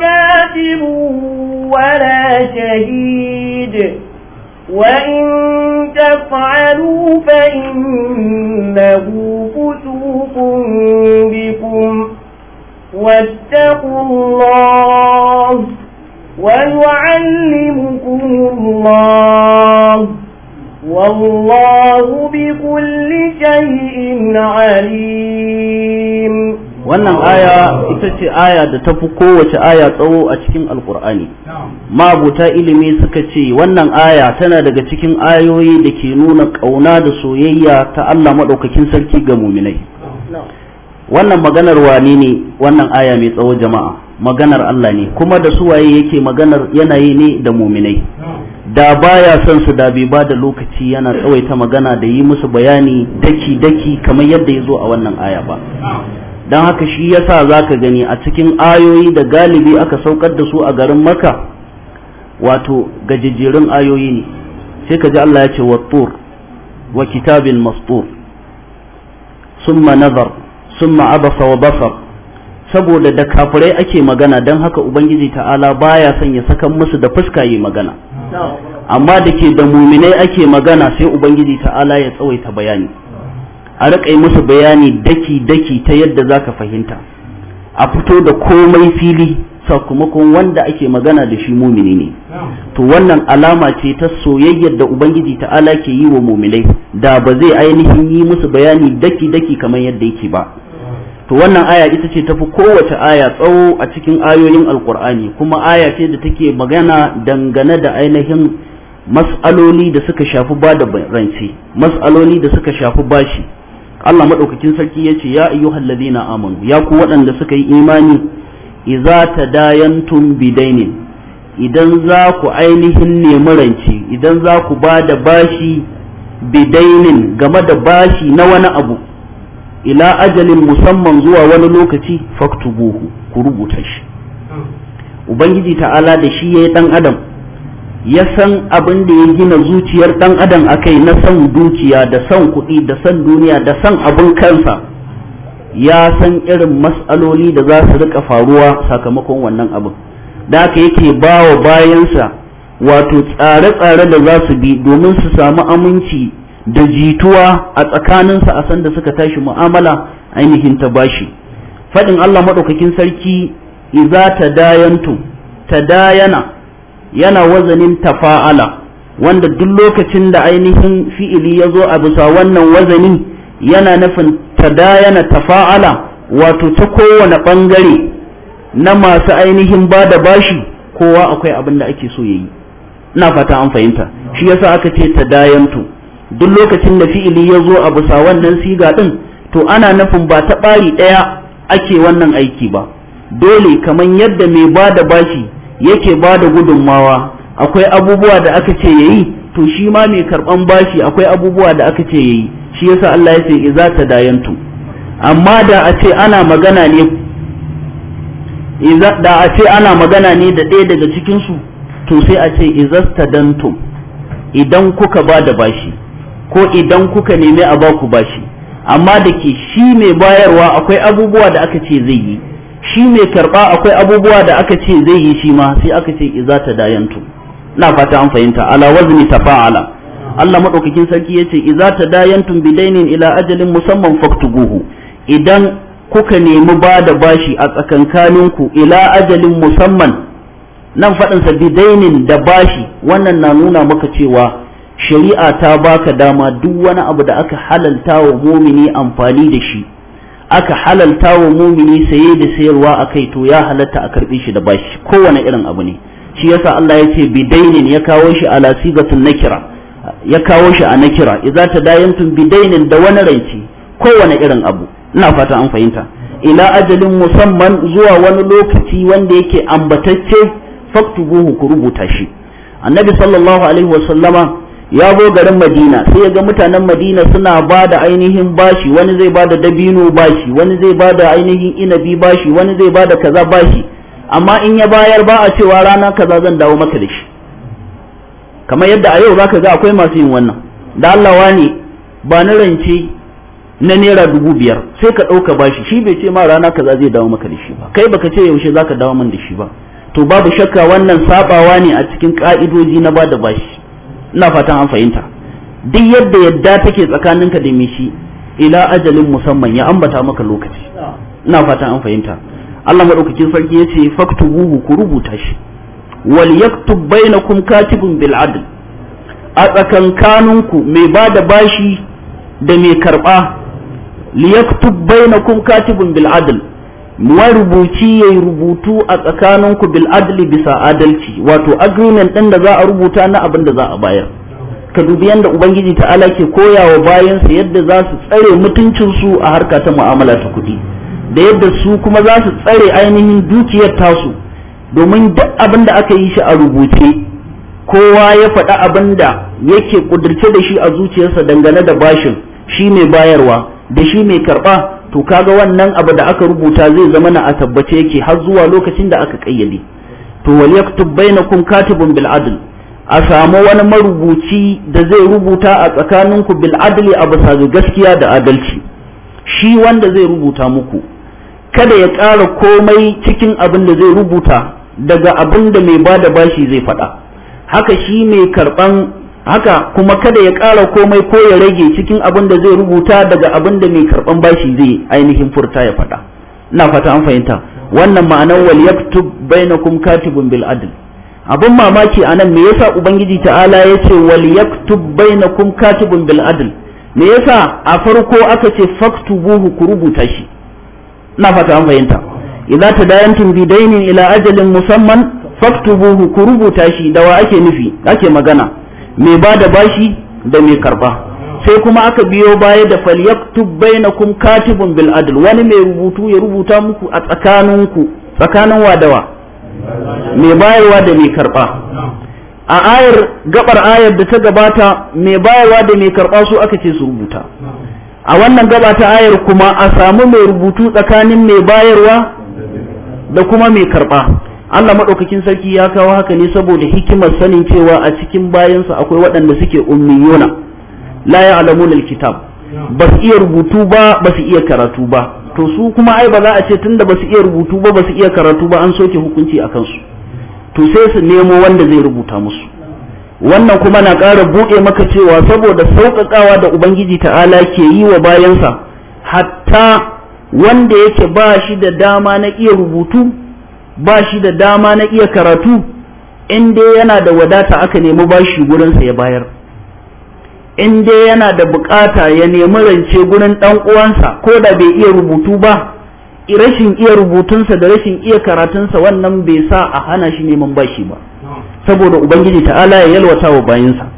كاتب ولا شهيد وإن تفعلوا فإنه فسوق بكم واتقوا الله ويعلمكم الله والله بكل شيء عليم wannan aya ita ce aya da tafi kowace aya tsawo a cikin alkur'ani mabuta ilimi suka ce wannan aya tana daga cikin ayoyi da ke nuna ƙauna da soyayya ta allah maɗaukakin sarki ga muminai wannan maganar wani ne wannan aya mai tsawo jama'a maganar Allah ne kuma da su waye yake maganar yanayi ne da muminai da baya son su da bi da lokaci yana tsawaita magana da yi musu bayani daki daki kamar yadda ya zo a wannan aya ba don haka shi yasa zaka gani a cikin ayoyi da galibi aka saukar da su a garin maka wato gajejjerun ayoyi ne sai ka ji Allah ya ce wa tur wa kitabin mastur summa nazar ثم عبس وبصر saboda da kafirai ake magana don haka ubangiji ta'ala baya son ya saka musu da fuska yi magana amma da ke da muminai ake magana sai ubangiji ta'ala ya tsawaita bayani a riƙa musu bayani daki-daki ta yadda za ka fahimta a fito da komai fili sakamakon wanda ake magana da shi mumini ne to wannan alama ce ta soyayyar da ubangiji ta'ala ke yi wa muminai da ba zai ainihin yi musu bayani daki-daki kamar yadda yake ba to wannan aya ita ce tafi kowace aya tsawo a cikin ayoyin alkur'ani kuma aya ce da take magana dangane da ainihin mas'aloli da suka shafi ba da rance mas'aloli da suka shafi bashi Allah madaukakin sarki ya ce ya ayyuhal ladina amanu ya ku waɗanda suka yi imani idza tadayantum bidainin idan za ku ainihin nemi rance idan za ku ba da bashi bidainin game da bashi na wani abu ila ajalin musamman zuwa wani lokaci faktubuhu ku rubuta shi ubangiji ta'ala da shi yayi dan adam ya san abin da ya gina zuciyar dan adam akai na san dukiya da san kuɗi da san duniya da san abin kansa ya san irin mas'aloli da za su rika faruwa sakamakon wannan abin da aka yake bawa bayansa wato tsare-tsare da za su bi domin su samu aminci da jituwa a tsakaninsa a sanda suka tashi mu'amala ainihin ta bashi faɗin Allah maɗaukakin sarki iza ta dayantu ta dayana yana wazanin tafa'ala wanda duk lokacin da ainihin fi'ili ya zo a bisa wannan wazanin yana nufin ta dayana tafa'ala wato ta kowane ɓangare na masu ainihin ba da bashi kowa akwai abin da ake so ya yi ina fata an fahimta shi yasa aka ce ta dayantu duk lokacin da fi'ili ya zo a bisa wannan siga ɗin to ana nufin ba ta ɓari ɗaya ake wannan aiki ba dole kamar yadda mai ba da bashi yake ba da gudunmawa akwai abubuwa da aka ce yayi to shi ma mai karɓan bashi akwai abubuwa da aka ce yayi shi yasa Allah ya ce iza dayantu amma da a ce ana magana ne da a ce ana magana ne da ɗaya daga cikinsu to sai a ce izastadantum idan kuka ba da bashi ko idan kuka nemi a baku bashi amma da ke shi mai bayarwa akwai abubuwa da aka ce zai yi shi mai karɓa akwai abubuwa da aka ce zai yi shi ma sai aka ce iza ta dayantu na fata an fahimta ala wazni tafa'ala Allah madaukakin sarki yace iza ta bi bidainin ila ajalin musamman faktubuhu idan kuka nemi ba da bashi a tsakankaninku ila ajalin musamman nan faɗinsa bidainin da bashi wannan na nuna maka cewa shari'a ta baka dama duk wani abu da aka halalta wa mumini amfani da shi aka halalta wa mumini saye da sayarwa a kai to ya halatta a karbi shi da bashi kowane irin abu ne shi yasa Allah ya ce bidainin ya kawo shi ala sigatun nakira ya kawo shi a nakira idza tadayantum bidainin da wani ranci kowane irin abu ina fata an fahimta ila ajalin musamman zuwa wani lokaci wanda yake ambatacce faktubuhu ku rubuta shi annabi sallallahu alaihi wasallama ya zo garin madina sai ya ga mutanen madina suna ba da ainihin bashi wani zai ba da dabino bashi wani zai ba da ainihin inabi bashi wani zai ba da kaza bashi amma in ya bayar ba a cewa rana kaza zan dawo maka da shi kamar yadda a yau zaka ga akwai masu yin wannan da Allah wani ba na rance na naira dubu biyar sai ka ɗauka bashi shi bai ce ma rana kaza zai dawo maka da shi ba kai baka ce yaushe zaka dawo min da shi ba to babu shakka wannan sabawa ne a cikin ka'idoji na ba da bashi ina fatan an fahimta duk yadda yadda take tsakaninka da shi ila ajalin musamman ya ambata maka lokaci ina fatan an fahimta Allah madaukakin sarki yace faktubuhu ku rubuta shi wal yaktub bainakum katibun bil adl a tsakankaninku mai da bashi da mai karba liyaktub bainakum katibun bil adl marubuci ya rubutu a tsakaninku bil adli bisa adalci wato agreement ɗin da za a rubuta na abin da za a bayar ka dubi yadda ubangiji ta'ala ke koyawa bayansa yadda za su tsare mutuncinsu a harka ta mu'amala ta kuɗi da yadda su kuma za su tsare ainihin dukiyar tasu domin duk abin da aka yi shi a rubuce kowa ya faɗi abin da yake ƙudurce da shi a zuciyarsa dangane da bashin shi mai bayarwa da shi mai karɓa to kaga wannan abu da aka rubuta zai zama na a tabbace yake har zuwa lokacin da aka kayyade to wal yaktub bainakum katibun bil adl a samu wani marubuci da zai rubuta a tsakaninku bil adli a bisa ga gaskiya da adalci shi wanda zai rubuta muku kada ya ƙara komai cikin abin da zai rubuta daga abin da mai bada bashi zai faɗa haka shi mai karɓan haka kuma kada ya ƙara komai ko ya rage cikin abin da zai rubuta daga abin da mai karɓan bashi zai ainihin furta ya faɗa ina fata an fahimta wannan ma'anar wal yaktub bainakum katibun bil adl abin mamaki anan me yasa ubangiji ta'ala ya ce wal yaktub bainakum katibun bil adl me yasa a farko aka ce faktubuhu ku rubuta shi ina fata an fahimta idza tadayantum bidainin ila ajalin musamman faktubuhu ku rubuta shi da wa ake nufi ake magana mai ba da bashi da mai karba sai kuma aka biyo baya da falyaktub bainakum katibun bil adl wani mai rubutu ya rubuta muku a tsakaninku tsakanin wadawa mai bayarwa da mai karba a ayar gabar ayar da ta gabata mai bayarwa da mai karba su aka ce su rubuta a wannan gaba ta ayar kuma a samu mai rubutu tsakanin mai bayarwa da kuma mai karba Allah maɗaukakin sarki ya kawo haka ne saboda hikimar sanin cewa a cikin bayansa akwai waɗanda suke ummiyona la alamu alkitab ba su iya rubutu ba ba su iya karatu ba to su kuma ai ba za a ce tunda ba su iya rubutu ba ba su iya karatu ba an soke hukunci a kansu to sai su nemo wanda zai rubuta musu wannan kuma na ƙara buɗe maka cewa saboda sauƙaƙawa da ubangiji ta'ala ke yi wa bayansa hatta wanda yake ba shi da dama na iya rubutu ba shi da dama na iya karatu in dai yana da wadata aka nemi bashi gurinsa ya bayar in dai yana da bukata ya nemi rance gurin dan uwansa ko da bai iya rubutu ba rashin iya rubutunsa da rashin iya karatunsa wannan bai sa a hana shi neman bashi ba saboda ubangiji ta'ala ya yalwata wa bayinsa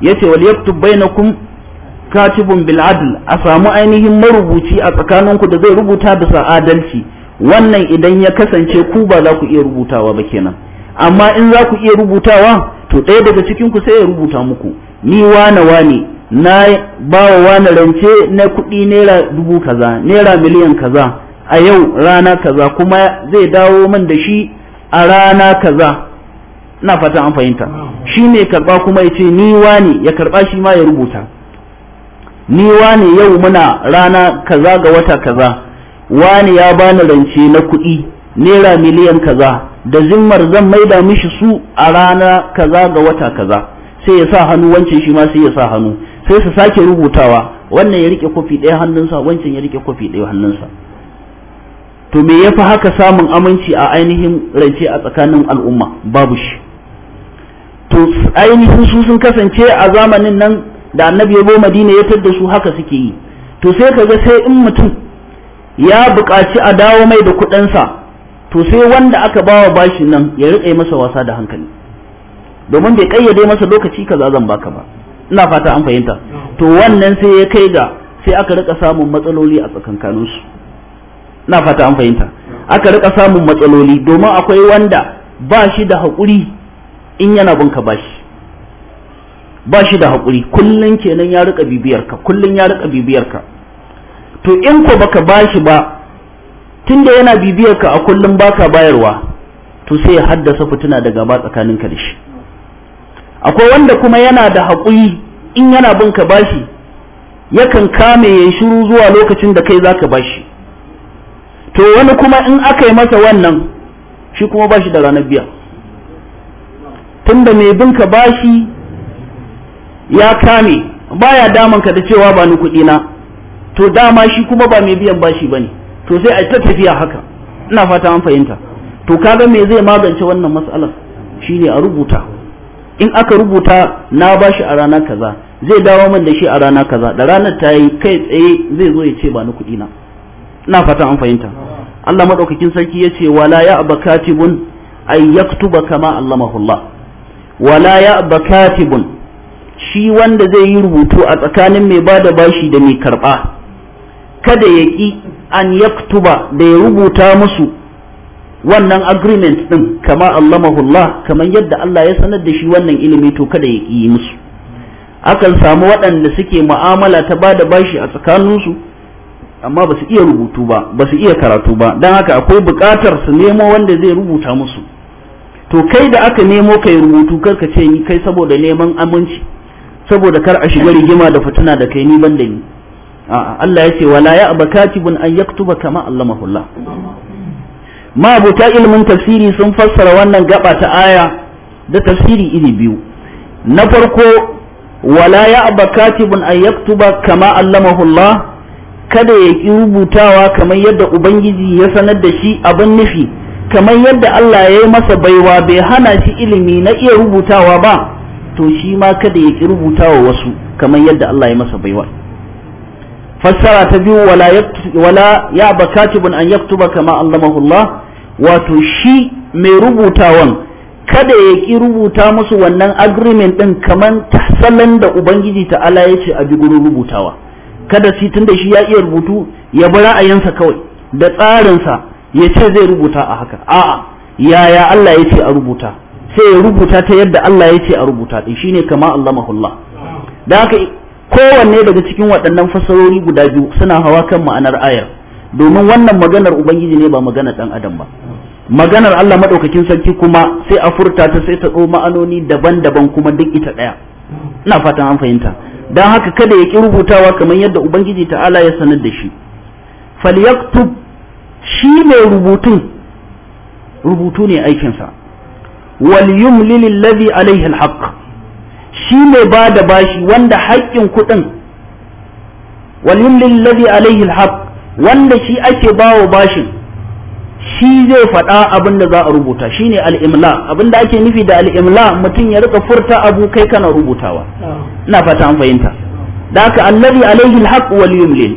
ya yace wal yaktub bainakum katibun bil adl a samu ainihin marubuci a tsakaninku da zai rubuta bisa adalci wannan idan ya kasance ku ba za ku iya rubutawa ba kenan amma in za ku iya rubutawa to ɗaya daga cikin ku sai ya rubuta muku ni wane wane na ba wa wane rance na kuɗi naira dubu kaza naira miliyan kaza a yau rana kaza kuma zai dawo man da shi a rana kaza na fata an fahimta shi ne karɓa kuma ya ce ni wane ya karɓa shi ma ya rubuta ni wane yau muna rana kaza ga wata kaza wani ya bani rance na kuɗi naira miliyan kaza da zimmar zan maida mishi su a rana kaza ga wata kaza sai ya sa hannu wancan shi ma sai ya sa hannu sai su sake rubutawa wannan ya rike kofi ɗaya hannunsa wancan ya rike kofi ɗaya hannunsa to me yafi haka samun aminci a ainihin rance a tsakanin al'umma babu shi to ainihin su sun kasance a zamanin nan da annabi ya zo madina ya tadda su haka suke yi to sai kaga sai in mutum ya buƙaci a dawo mai da kuɗinsa to sai wanda aka bawa bashi nan ya riƙe masa wasa da hankali domin bai ƙayyade masa lokaci kaza zan baka ba ina fata an fahimta to wannan sai ya kai ga sai aka riƙa samun matsaloli a tsakankaninsu ina fata an fahimta aka riƙa samun matsaloli domin akwai wanda ba shi da haƙuri in yana binka bashi ba shi da haƙuri kullum kenan ya riƙa bibiyarka kullum ya riƙa bibiyarka to in ko baka bashi ba tunda yana bibiyar ka a kullum baka bayarwa to sai ya haddasa fituna daga ba tsakanin ka da shi akwai wanda kuma yana da hakuri in yana bin ka bashi yakan kame ya shiru zuwa lokacin da kai zaka bashi to wani kuma in aka yi masa wannan shi kuma bashi da ranar biya tunda mai bin ka bashi ya kame baya damanka da cewa ba ni kuɗi na to dama shi kuma ba mai biyan bashi ne to sai a ta tafiya haka ina fata an fahimta to kaga me zai magance wannan matsalar shine a rubuta in aka rubuta na bashi a rana kaza zai dawo min da shi a rana kaza da ranar ta yi kai tsaye zai zo ya ce ba ni kuɗi na ina fata an fahimta Allah madaukakin sarki ya ce wala ya abakatibun ay yaktuba kama Allah wala ya abakatibun shi wanda zai yi rubutu a tsakanin mai bada bashi da mai karba kada ya ƙi an yaktuba da ya rubuta musu wannan agreement din kama Allah kamar yadda Allah ya sanar da shi wannan ilimi to kada ya ƙi musu akan samu waɗanda suke mu'amala ta ba da bashi a tsakaninsu amma ba su iya rubutu ba ba su iya karatu ba don haka akwai buƙatar su nemo wanda zai rubuta musu to kai da aka nemo ka yi rubutu kar ka ce ni kai saboda neman aminci saboda kar a shiga rigima da fitina da kai ni ban da ni Ah, Allah ya ce wala ya aba katibun an yaktuba kama allamahullah mabuta ilimin tafsiri sun fassara wannan gaba ta aya da tafsiri iri biyu na farko wala ya aba katibun an yaktuba kama allamahullah kada ya ki rubutawa kamar yadda ubangiji ya sanar da shi abin nufi kamar yadda Allah ya yi masa baiwa bai hana shi ilimi na iya rubutawa ba to shi ma kada ya ki rubutawa wasu kamar yadda Allah ya masa baiwa fassara ta biyu wala wala ya ba katibun an yaktuba kama allamahu Allah wato shi mai rubutawan kada ya ki rubuta musu wannan agreement din kaman salon da ubangiji ta'ala ya ce a bi gurin rubutawa kada shi tunda shi ya iya rubutu ya bi ra'ayinsa kawai da tsarinsa ya ce zai rubuta a haka a'a yaya Allah ya ce a rubuta sai ya rubuta ta yadda Allah ya ce a rubuta din shine kama Allah da haka kowanne daga cikin waɗannan fasarori guda biyu suna hawa kan ma'anar ayar domin wannan maganar ubangiji ne ba maganar ɗan adam ba maganar Allah maɗaukakin sarki kuma sai a furta ta sai ta tsoma ma'anoni daban-daban kuma duk ita ɗaya ina fatan an fahimta don haka kada ya ƙi rubutawa kamar yadda ubangiji ta'ala ya sanar da shi falyaktub shi mai rubutun rubutu ne aikinsa wal yumlil alladhi alaihi alhaq shi mai ba da bashi wanda haƙƙin kuɗin walillin lazi alaihi alhaq wanda shi ake bawa bashin shi zai faɗa abin da za a rubuta shi ne al'imla abin da ake nufi da al'imla mutum ya rika furta abu kai kana rubutawa ina fata an fahimta da aka allazi alaihi alhaq waliyumlil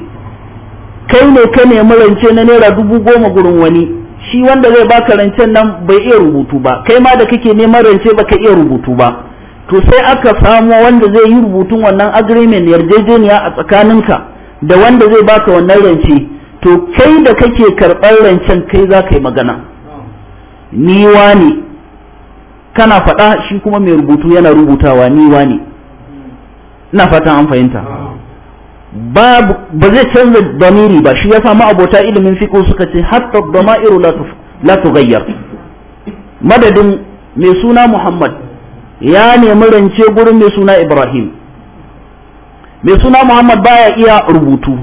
kai ne ka nemi rance na naira dubu goma gurin wani shi wanda zai baka rancen nan bai iya rubutu ba kai ma da kake neman rance baka iya rubutu ba to sai aka samo wanda zai yi rubutun wannan agreement yarjejeniya a tsakaninka da wanda zai baka wannan rance to kai da kake karɓar rancen kai za ka yi magana ni wani kana faɗa shi kuma mai rubutu yana rubutawa ni wani ina fatan an fahimta ba zai canza damiri ba shi ya samu abota ilimin fiƙo suka ce hatta ma'iru la gayyar. madadin mai suna Muhammad ya nemi rance gurin mai suna Ibrahim mai suna Muhammad baya iya rubutu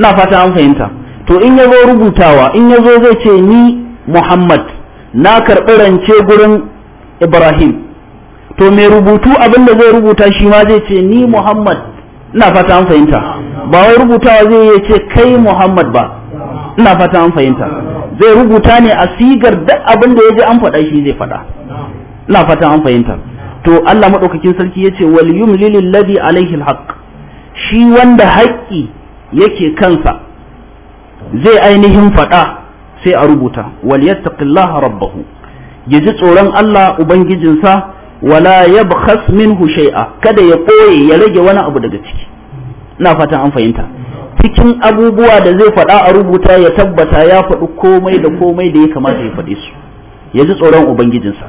ina fata an fahimta to in yazo rubutawa in yazo zai ce ni Muhammad na karɓi rance gurin Ibrahim to mai rubutu abin da zai rubuta shi ma zai ce ni Muhammad ina fata an fahimta ba wai rubutawa zai iya ce kai Muhammad ba ina fata an fahimta zai rubuta ne a sigar duk abin da ya je an faɗa shi zai faɗa ina fata an fahimta to Allah madaukakin sarki ce wal yumlil alladhi alaihi alhaq shi wanda haƙƙi yake kansa zai ainihin faɗa sai a rubuta wal yattaqillaha rabbahu yaji tsoron Allah ubangijinsa wala yabkhas minhu shay'a kada ya koye ya rage wani abu daga ciki ina fatan an fahimta cikin abubuwa da zai faɗa a rubuta ya tabbata ya faɗi komai da komai da ya kamata ya faɗe su ya ji tsoron ubangijinsa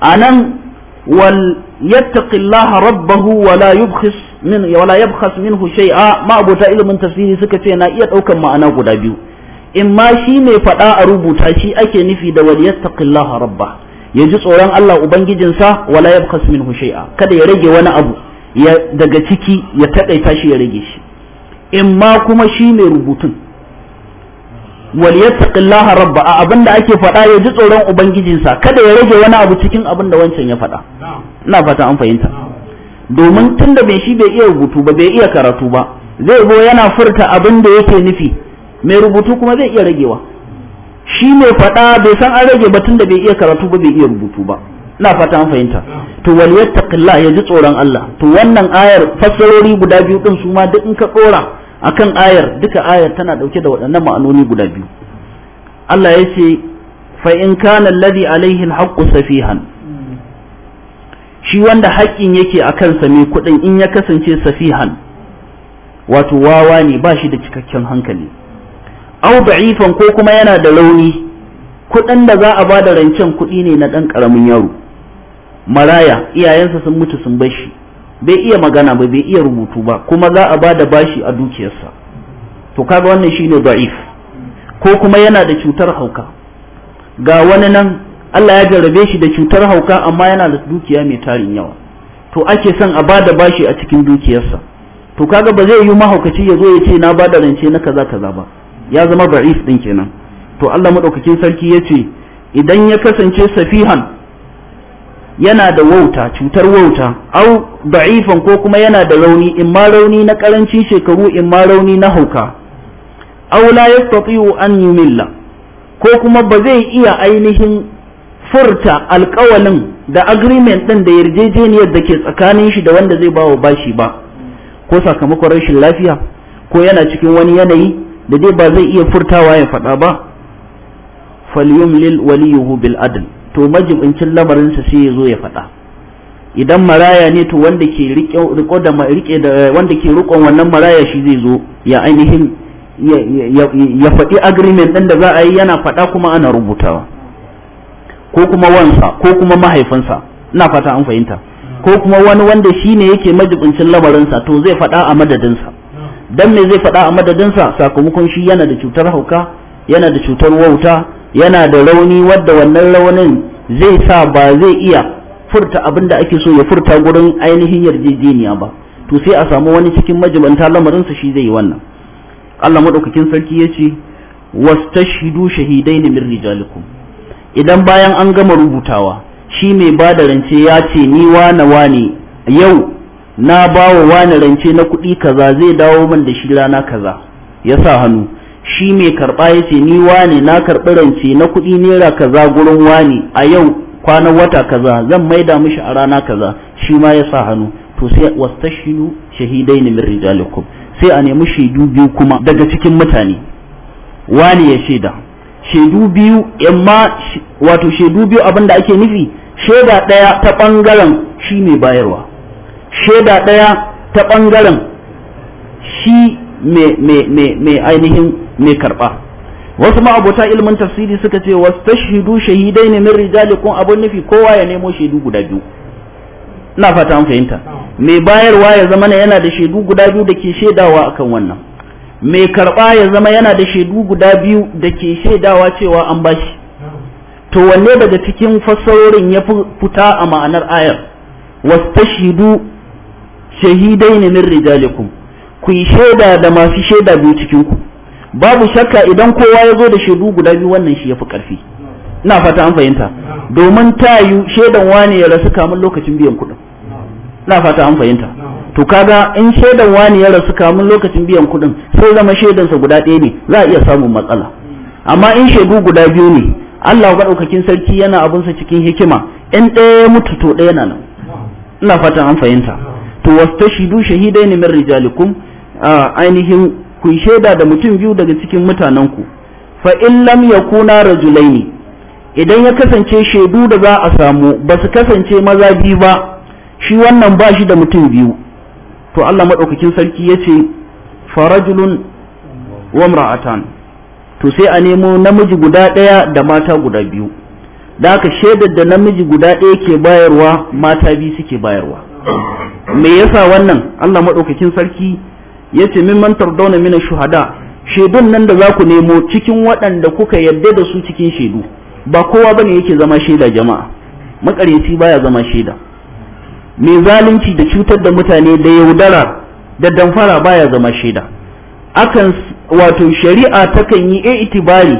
a nan wal yattaqillaha rabbahu wala yubkhis min wala yabkhas minhu shay'a ma ilimin tafsiri suka ce na iya ɗaukan ma'ana guda biyu in ma shi ne faɗa a rubuta shi ake nufi da wal yattaqillaha rabba ya ji tsoron Allah ubangijinsa wala yabkhas minhu kada ya rage wani abu ya daga ciki ya takaita tashi ya rage shi in ma kuma shi ne rubutun waliyattaqillaha rabba a abinda ake faɗa ya ji tsoron ubangijinsa kada ya rage wani abu cikin abin da wancan ya faɗa ina fata an fahimta domin tunda bai shi bai iya rubutu ba bai iya karatu ba zai zo yana furta abin da yake nufi mai rubutu kuma zai iya ragewa shi mai faɗa bai san an rage ba tunda bai iya karatu ba bai iya rubutu ba ina fata an fahimta to waliyattaqillaha ya ji tsoron Allah to wannan ayar fassarori guda biyu din su ma duk in ka dora akan ayar duka ayar tana dauke da waɗannan ma'anoni guda biyu Allah ya ce fa in kana alladhi alayhi alhaqqu safihan shi wanda haƙƙin yake a kansa mai kuɗin in ya kasance safihan wato wawa ne ba shi da cikakken hankali au da'ifan ko kuma yana da rauni kuɗin da za a ba da rancen kuɗi ne na ɗan ƙaramin yaro maraya iyayensa sun mutu sun bar shi bai iya magana ba bai iya rubutu ba kuma za a ba da bashi a dukiyarsa to kaga wannan shine da'if ko kuma yana da cutar hauka ga wani nan Allah ya jarrabe shi da cutar hauka amma yana da dukiya mai tarin yawa to ake son a ba da bashi a cikin dukiyarsa to kaga ba zai yi mahaukaci ya zo ya ce na ba da rance na kaza kaza ba ya zama da'if din kenan to Allah madaukakin sarki ya ce idan ya kasance safihan yana da wauta cutar wauta au da'ifan ko kuma yana da rauni in ma rauni na karancin shekaru in ma rauni na hauka au la yastati'u an yumilla ko kuma ba zai iya ainihin furta alkawalin da agreement din da yarjejeniyar da ke tsakanin shi da wanda zai bawa bashi ba ko sakamakon rashin lafiya ko yana cikin wani yanayi da dai ba zai iya furtawa ya faɗa ba falyumlil waliyuhu bil adl to majibincin lamarinsa sai ya zo ya faɗa idan maraya ne to wanda ke riko da rike da wanda ke rikon wannan maraya shi zai zo ya ainihin ya faɗi agreement ɗin da za a yi yana faɗa kuma ana rubutawa ko kuma wansa ko kuma mahaifinsa ina fata an fahimta ko kuma wani wanda shi ne yake majibincin lamarinsa to zai faɗa a madadinsa dan me zai faɗa a madadinsa sakamakon shi yana da cutar hauka yana da cutar wauta yana da rauni wadda wannan raunin zai sa ba zai iya furta abin da ake so ya furta gurin ainihin yarjejeniya ba to sai a samu wani cikin majibanta lamarinsa shi zai yi wannan Allah maɗaukakin sarki ya ce wastashhidu shahidain min rijalikum idan bayan an gama rubutawa shi mai ba da rance ya ce ni wane wane yau na bawa wane rance na kuɗi kaza zai dawo man da shi rana kaza ya sa hannu shi mai karɓa ya ce ni wane na karɓi rance na kuɗi naira kaza gurin wane a yau kwanan wata kaza zan maida mishi a rana kaza shi ma ya sa hannu to sai wastashidu shahidai ne min rijalikum sai a nemi shaidu biyu kuma daga cikin mutane Wani ya shaida shaidu biyu ma wato shaidu biyu abin da ake nufi shaida ɗaya ta ɓangaren shi mai bayarwa shaida ɗaya ta ɓangaren shi mai ainihin mai karɓa wasu ma'abuta ilimin tafsiri suka ce wasu shidu shahidai ne min rijalikum abun nufi kowa ya nemo shaidu guda biyu ina fata an fahimta mai bayarwa ya zama yana da shaidu guda biyu da ke shaidawa akan wannan mai karɓa ya zama yana da shaidu guda biyu da ke shaidawa cewa an bashi to wanne daga cikin fassarorin ya fita a ma'anar ayar wasu shidu shahidai ne min rijalikum ku yi shaida da masu shaida biyu cikin ku babu shakka idan kowa ya zo da shaidu guda biyu wannan shi yafi karfi ina fata an fahimta domin yi shaidan wani ya rasu kamun lokacin biyan kuɗin ina fata an fahimta to kaga in shaidan wani ya rasu kamun lokacin biyan kuɗin sai zama shaidansa guda ɗaya ne za a iya samun matsala amma in shaidu guda biyu ne Allah maɗaukakin sarki yana abinsa cikin hikima in ɗaya ya mutu to ɗaya na nan ina fatan an fahimta to wastashidu ne min rijalikum ainihin ku shaida da mutum biyu daga cikin mutanen ku. fa in lam yakuna rajulaini idan ya kasance shaidu da za a samu ba su kasance maza biyu ba shi wannan ba shi da mutum biyu to Allah madaukakin sarki ya ce farajulun wa mra'atan to sai a nemo namiji guda ɗaya da mata guda biyu da aka shaidar da namiji guda ɗaya ke bayarwa mata biyu suke bayarwa me yasa wannan Allah madaukakin sarki yace min man dauna min shuhada shaidun nan da za ku nemo cikin waɗanda kuka yarda da su cikin shaidu ba kowa bane yake zama shaida jama'a makareci baya zama shaida mai zalunci da cutar da mutane da yaudara da damfara baya zama shaida akan wato shari'a takan yi itibari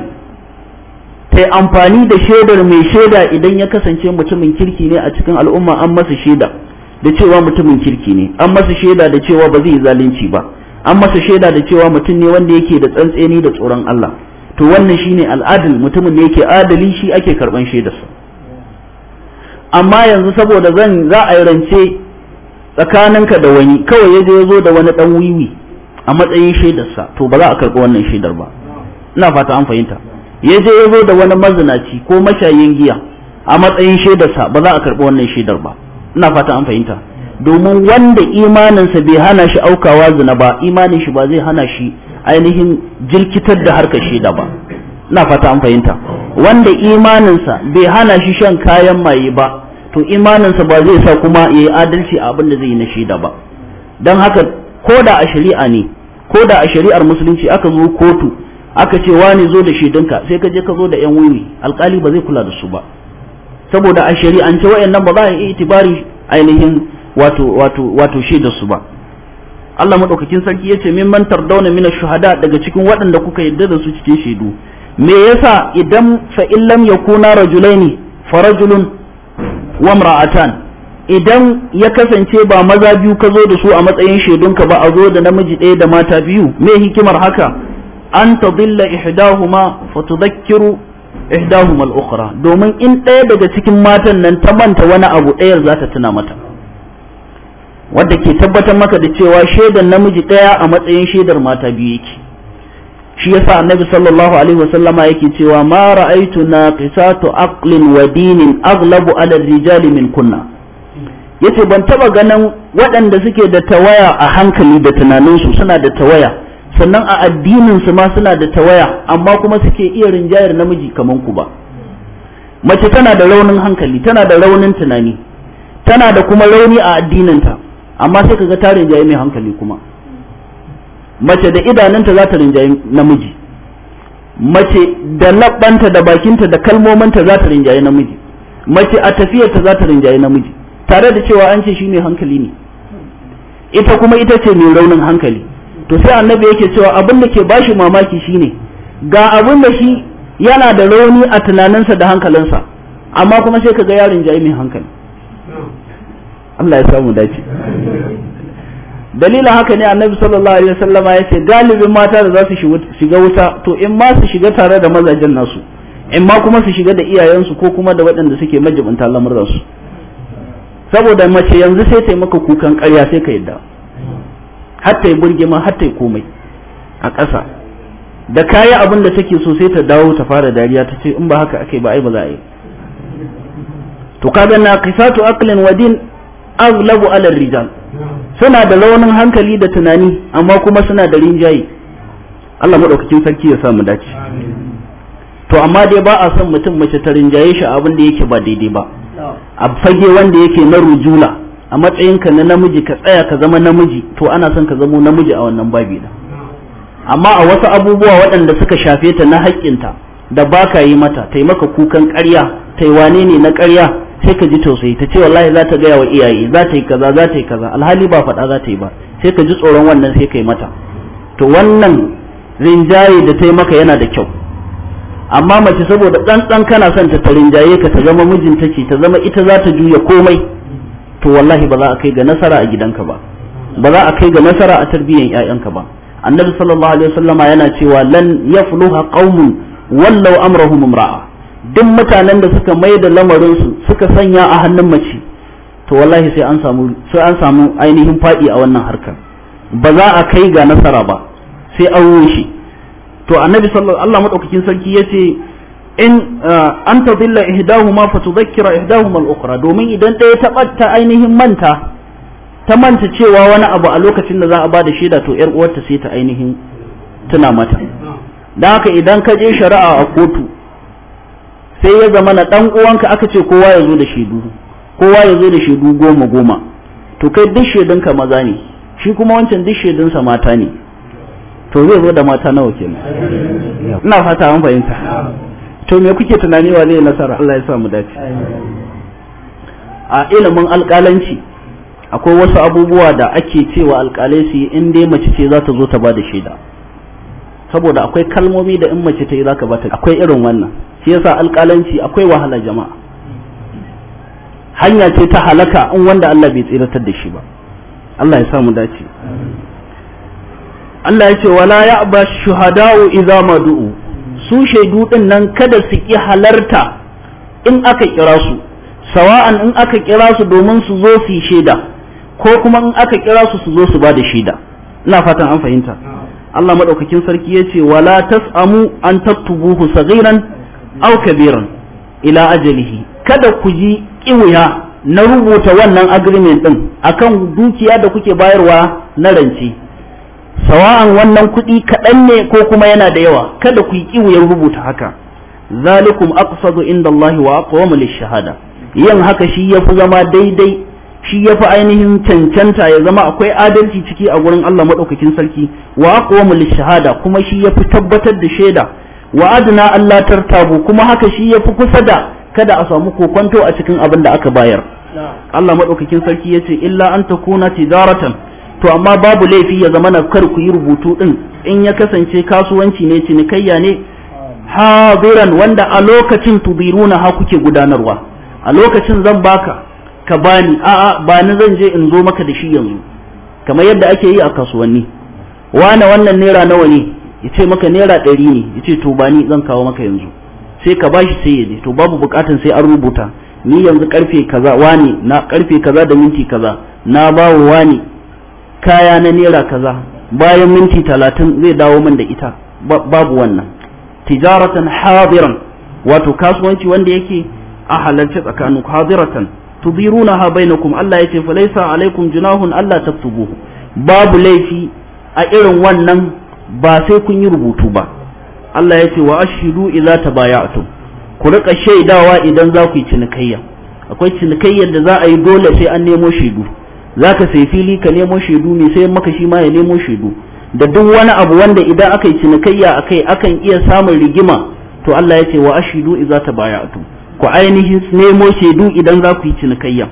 ta amfani da shaidar mai shaida idan ya kasance mutumin kirki ne a cikin al'umma an masa shaida da cewa mutumin kirki ne an masa shaida da cewa ba zai yi zalunci ba an masa shaida da cewa mutum ne wanda yake da tsantseni da tsoron Allah to wannan shine al'adil mutumin da yake adali shi ake karban shaidarsa amma yanzu saboda zan za a yi rance tsakaninka da wani kawai ya je ya zo da wani dan wiwi a matsayin shaidarsa to ba za a karɓi wannan shaidar ba ina fata an fahimta ya je ya zo da wani mazinaci ko mashayin giya a matsayin shaidarsa ba za a karɓi wannan shaidar ba ina fata an fahimta domin wanda imaninsa bai hana shi aukawa zina ba imanin shi ba zai hana shi ainihin jirkitar da harkar shida ba na fata an fahimta wanda imaninsa bai hana shi shan kayan maye ba to imaninsa ba zai sa kuma ya yi adalci a abin da zai yi na shida ba don haka ko da a shari'a ne ko da a shari'ar musulunci aka zo kotu aka ce wani zo da shaidunka sai ka je ka zo da yan wuri alkali ba zai kula da su ba saboda a shari'ance wayannan ba za a yi itibari ainihin wato wato wato shaidar su ba Allah madaukakin sarki yace mimman tardawna min ash-shuhada daga cikin waɗanda kuka yarda da su cikin shaidu me yasa idan fa in lam yakuna rajulaini fa rajulun wa imra'atan idan ya kasance ba maza biyu ka zo da su a matsayin shaidunka ba a zo da namiji ɗaya da mata biyu me hikimar haka an tadilla ihdahuma fa tudhakkiru ihdahuma al-ukhra domin in ɗaya daga cikin matan nan ta manta wani abu ɗayar za ta tuna mata wadda ke tabbatar maka da cewa shaidar namiji ɗaya a matsayin shaidar mata biyu yake shi yasa annabi sallallahu alaihi wasallama yake cewa ma ra'aitu naqisatu aqlin wa dinin aghlabu ala rijali min kunna yace ban taba ganin waɗanda suke da tawaya a hankali da tunaninsu suna da tawaya sannan a addinin su ma suna da tawaya amma kuma suke iya rinjayar namiji kaman ku ba mace tana da raunin hankali tana da raunin tunani tana da kuma rauni a addinin ta amma sai kaga ta rinjaye mai hankali kuma mace da idanunta za ta rinjaye namiji mace da labbanta da bakinta da kalmomanta za ta rinjaye namiji mace a tafiyarta za ta rinjaye namiji tare da cewa an ce shi mai hankali ne ita kuma ita ce mai raunin hankali to sai annabi yake cewa abin da ke bashi mamaki shine ga abin da shi yana da rauni a tunaninsa da hankalinsa amma kuma sai kaga yarin jayi mai hankali Allah ya samu dace dalilin haka ne annabi sallallahu alaihi wasallama ya ce galibin mata da za su shiga wuta to in ma su shiga tare da mazajen nasu in ma kuma su shiga da iyayensu ko kuma da waɗanda suke majibinta lamuransu saboda mace yanzu sai ta maka kukan ƙarya sai ka yadda har ta yi burgima har ta yi komai a ƙasa da kayi abin da take so sai ta dawo ta fara dariya ta ce in ba haka akai ba ai ba za a yi to kaga na qisatu aqlin wa din aghlabu ala rijal suna da raunin hankali da tunani amma kuma suna da rinjaye Allah madaukakin sarki ya sa mu dace to amma dai ba a son mutum mace ta rinjaye shi abin da yake ba daidai ba a fage wanda yake na rujula a matsayinka na namiji ka tsaya ka zama namiji to ana son ka zamo namiji a wannan babi amma a wasu abubuwa waɗanda suka shafe ta na haƙƙinta da ba ka yi mata taimaka kukan ƙarya taiwane ne na ƙarya sai ka ji tausayi ta ce wallahi za ta gaya wa iyaye za ta yi kaza za ta yi kaza alhali ba faɗa za ta yi ba sai ka ji tsoron wannan sai ka yi mata to wannan rinjaye da ta yi maka yana da kyau amma mace saboda ɗanɗan kana son ta rinjaye ka ta zama mijinta ce ta zama ita za ta juya komai to wallahi ba za a kai ga nasara a gidanka ba ba za a kai ga nasara a tarbiyyar ƴaƴanka ba annabi sallallahu alaihi wasallama yana cewa lan yafluha qaumun wallau amrahum imra'a duk mutanen da suka mai da lamarinsu suka sanya a hannun mace to wallahi sai an samu sai an samu ainihin faɗi a wannan harkar ba za a kai ga nasara ba sai an rushe to annabi sallallahu Allah madaukakin sarki yace in uh, an tadilla ihdahuma fatudhakkira ihdahuma al-ukhra domin idan ɗaya ta batta ainihin manta ta manta cewa wani abu a lokacin da za a bada shaida to yar uwarta sai ta ainihin tuna mata da haka idan ka je shari'a a kotu sai ya zama na ɗan uwanka aka ce kowa ya zo da shaidu kowa ya zo da shaidu goma goma to kai duk shaidun ka maza ne shi kuma wancan duk shaidun sa mata ne to zai zo da mata nawa kenan ina fata an fahimta to me kuke tunani wa zai nasara Allah ya sa mu dace a ilimin alƙalanci akwai wasu abubuwa da ake cewa alƙalai su yi in dai mace ce za ta zo ta ba da shaida saboda akwai kalmomi da in mace ta yi za ka ba ta akwai irin wannan shi yasa alƙalanci akwai wahala jama'a hanya ce ta halaka in wanda Allah bai tsiratar da shi ba Allah ya samu dace Allah ya ce wala ya'ba shuhada'u idza madu'u su shaidu din nan kada su ki halarta in aka kira su sawa'an in aka kira su domin su zo su sheda, shaida ko kuma in aka kira su su zo su ba da shaida ina fatan an fahimta Allah madaukakin sarki ya ce wala tas'amu an tattubuhu saghiran aw kabiran ila ajalihi kada ku ji kiwuya na rubuta wannan agreement din akan dukiya da kuke bayarwa na rance sawa'an wannan kuɗi kaɗan ne ko kuma yana da yawa kada ku yi kiwuyan rubuta haka zalikum aqsadu inda Allah wa aqwamu lishahada yin haka shi yafi zama daidai shi yafi ainihin cancanta ya zama akwai adalci ciki a gurin Allah madaukakin sarki wa aqwamu lishahada kuma shi yafi tabbatar da shaida wa adna Allah tartabu kuma haka shi yafi kusa da kada a samu kokonto a cikin abin da aka bayar Allah madaukakin sarki yace illa an takuna tijaratan to amma babu laifi ya zama na kar ku yi rubutu din in ya kasance kasuwanci ne cinikayya ne hadiran wanda a lokacin tubiruna ha kuke gudanarwa a lokacin zan baka ka bani a'a ba ni zan je in zo maka da shi yanzu kamar yadda ake yi a kasuwanni wane wannan naira nawa ne ya ce maka naira ɗari ne ya ce to ba ni zan kawo maka yanzu sai ka bashi sai ya je to babu bukatan sai an rubuta ni yanzu karfe kaza wani na karfe kaza da minti kaza na bawo wani kaya na naira kaza bayan minti talatin zai dawo min da ita babu wannan tijaratan hadiran wato kasuwanci wanda yake a halarci tsakanin hadiratan ha bainakum Allah yace fa laysa alaikum junahun Allah tatubu babu laifi a irin wannan ba sai kun yi rubutu ba Allah ya ce wa ashidu idza tabaya'tu ku rika shaidawa idan za ku yi cinikayya akwai cinikayyar da za a yi dole sai an nemo shaidu za ka sai fili ka nemo shaidu ne sai maka shi ma ya nemo shaidu da duk wani abu wanda idan aka yi cinikayya akai akan iya samun rigima to Allah ya ce wa ashidu idza tabaya'tu ku ainihin nemo shaidu idan za ku yi cinikayya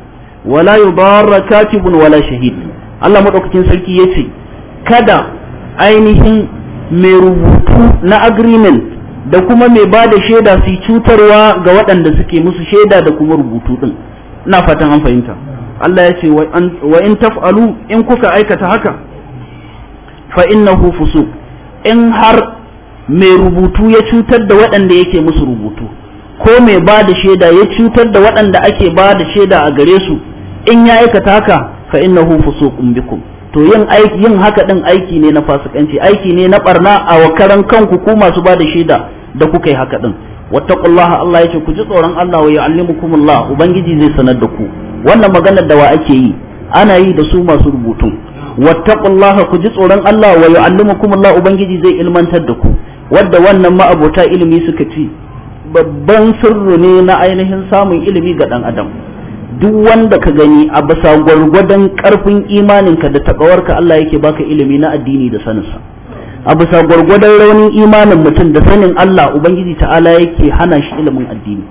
wala yubarra katibun wala shahid Allah madaukakin sarki yace kada ainihin mai rubutu na agreement da kuma mai ba da shaida su cutarwa ga waɗanda suke musu shaida da kuma rubutu ɗin ina fatan an fahimta Allah ya ce wa in taf'alu in kuka aikata haka fa innahu fusuq in har mai rubutu ya cutar da waɗanda yake musu rubutu ko mai ba da shaida ya cutar da waɗanda ake ba da shaida a gare su in ya aikata haka fa innahu fusuqun bikum to yin aiki yin haka din aiki ne na fasikanci aiki ne na barna a wakaran kanku ku masu ba da shaida da kuka yi haka din wattaqullaha Allah yace ku ji tsoron Allah wa ya'allimukumullah ubangiji zai sanar da ku wannan maganar da wa ake yi ana yi da su masu rubutu. wattaqullaha ku ji tsoron Allah wa ya'allimukumullah ubangiji zai ilmantar da ku wadda wannan ma'abota ilimi suka ci babban sirri ne na ainihin samun ilimi ga dan adam duk wanda ka gani a bisa gwargwadon karfin imaninka da takawarka Allah yake baka ilimi na addini da saninsa a bisa gwargwadon raunin imanin mutum da sanin Allah ubangiji ta'ala yake hana shi ilimin addini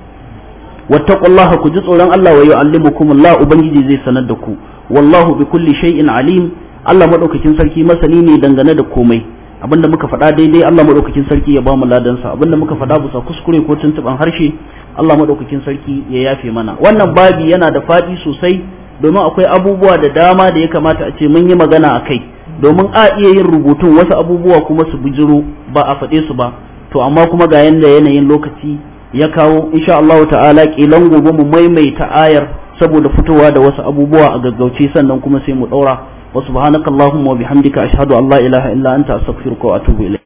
wattaqullaha ku ji tsoron Allah wa yu'allimukum Allah ubangiji zai sanar da ku wallahu bi kulli shay'in alim Allah madaukakin sarki masani ne dangane da komai abinda muka faɗa daidai Allah madaukakin sarki ya ba mu ladansa abinda muka faɗa bisa kuskure ko tuntuban harshe Allah madaukakin sarki ya yafe mana wannan babi yana da faɗi sosai domin akwai abubuwa da dama da ya kamata a ce mun yi magana a kai domin a iya yin rubutun wasu abubuwa kuma su bujiro ba a faɗe su ba to amma kuma ga yanda yanayin lokaci ya kawo insha Allah ta'ala kilan gobe mu maimaita ayar saboda fitowa da wasu abubuwa a gaggauce sannan kuma sai mu daura wa subhanakallahumma wa bihamdika ashhadu an la ilaha illa anta astaghfiruka wa atubu ilayk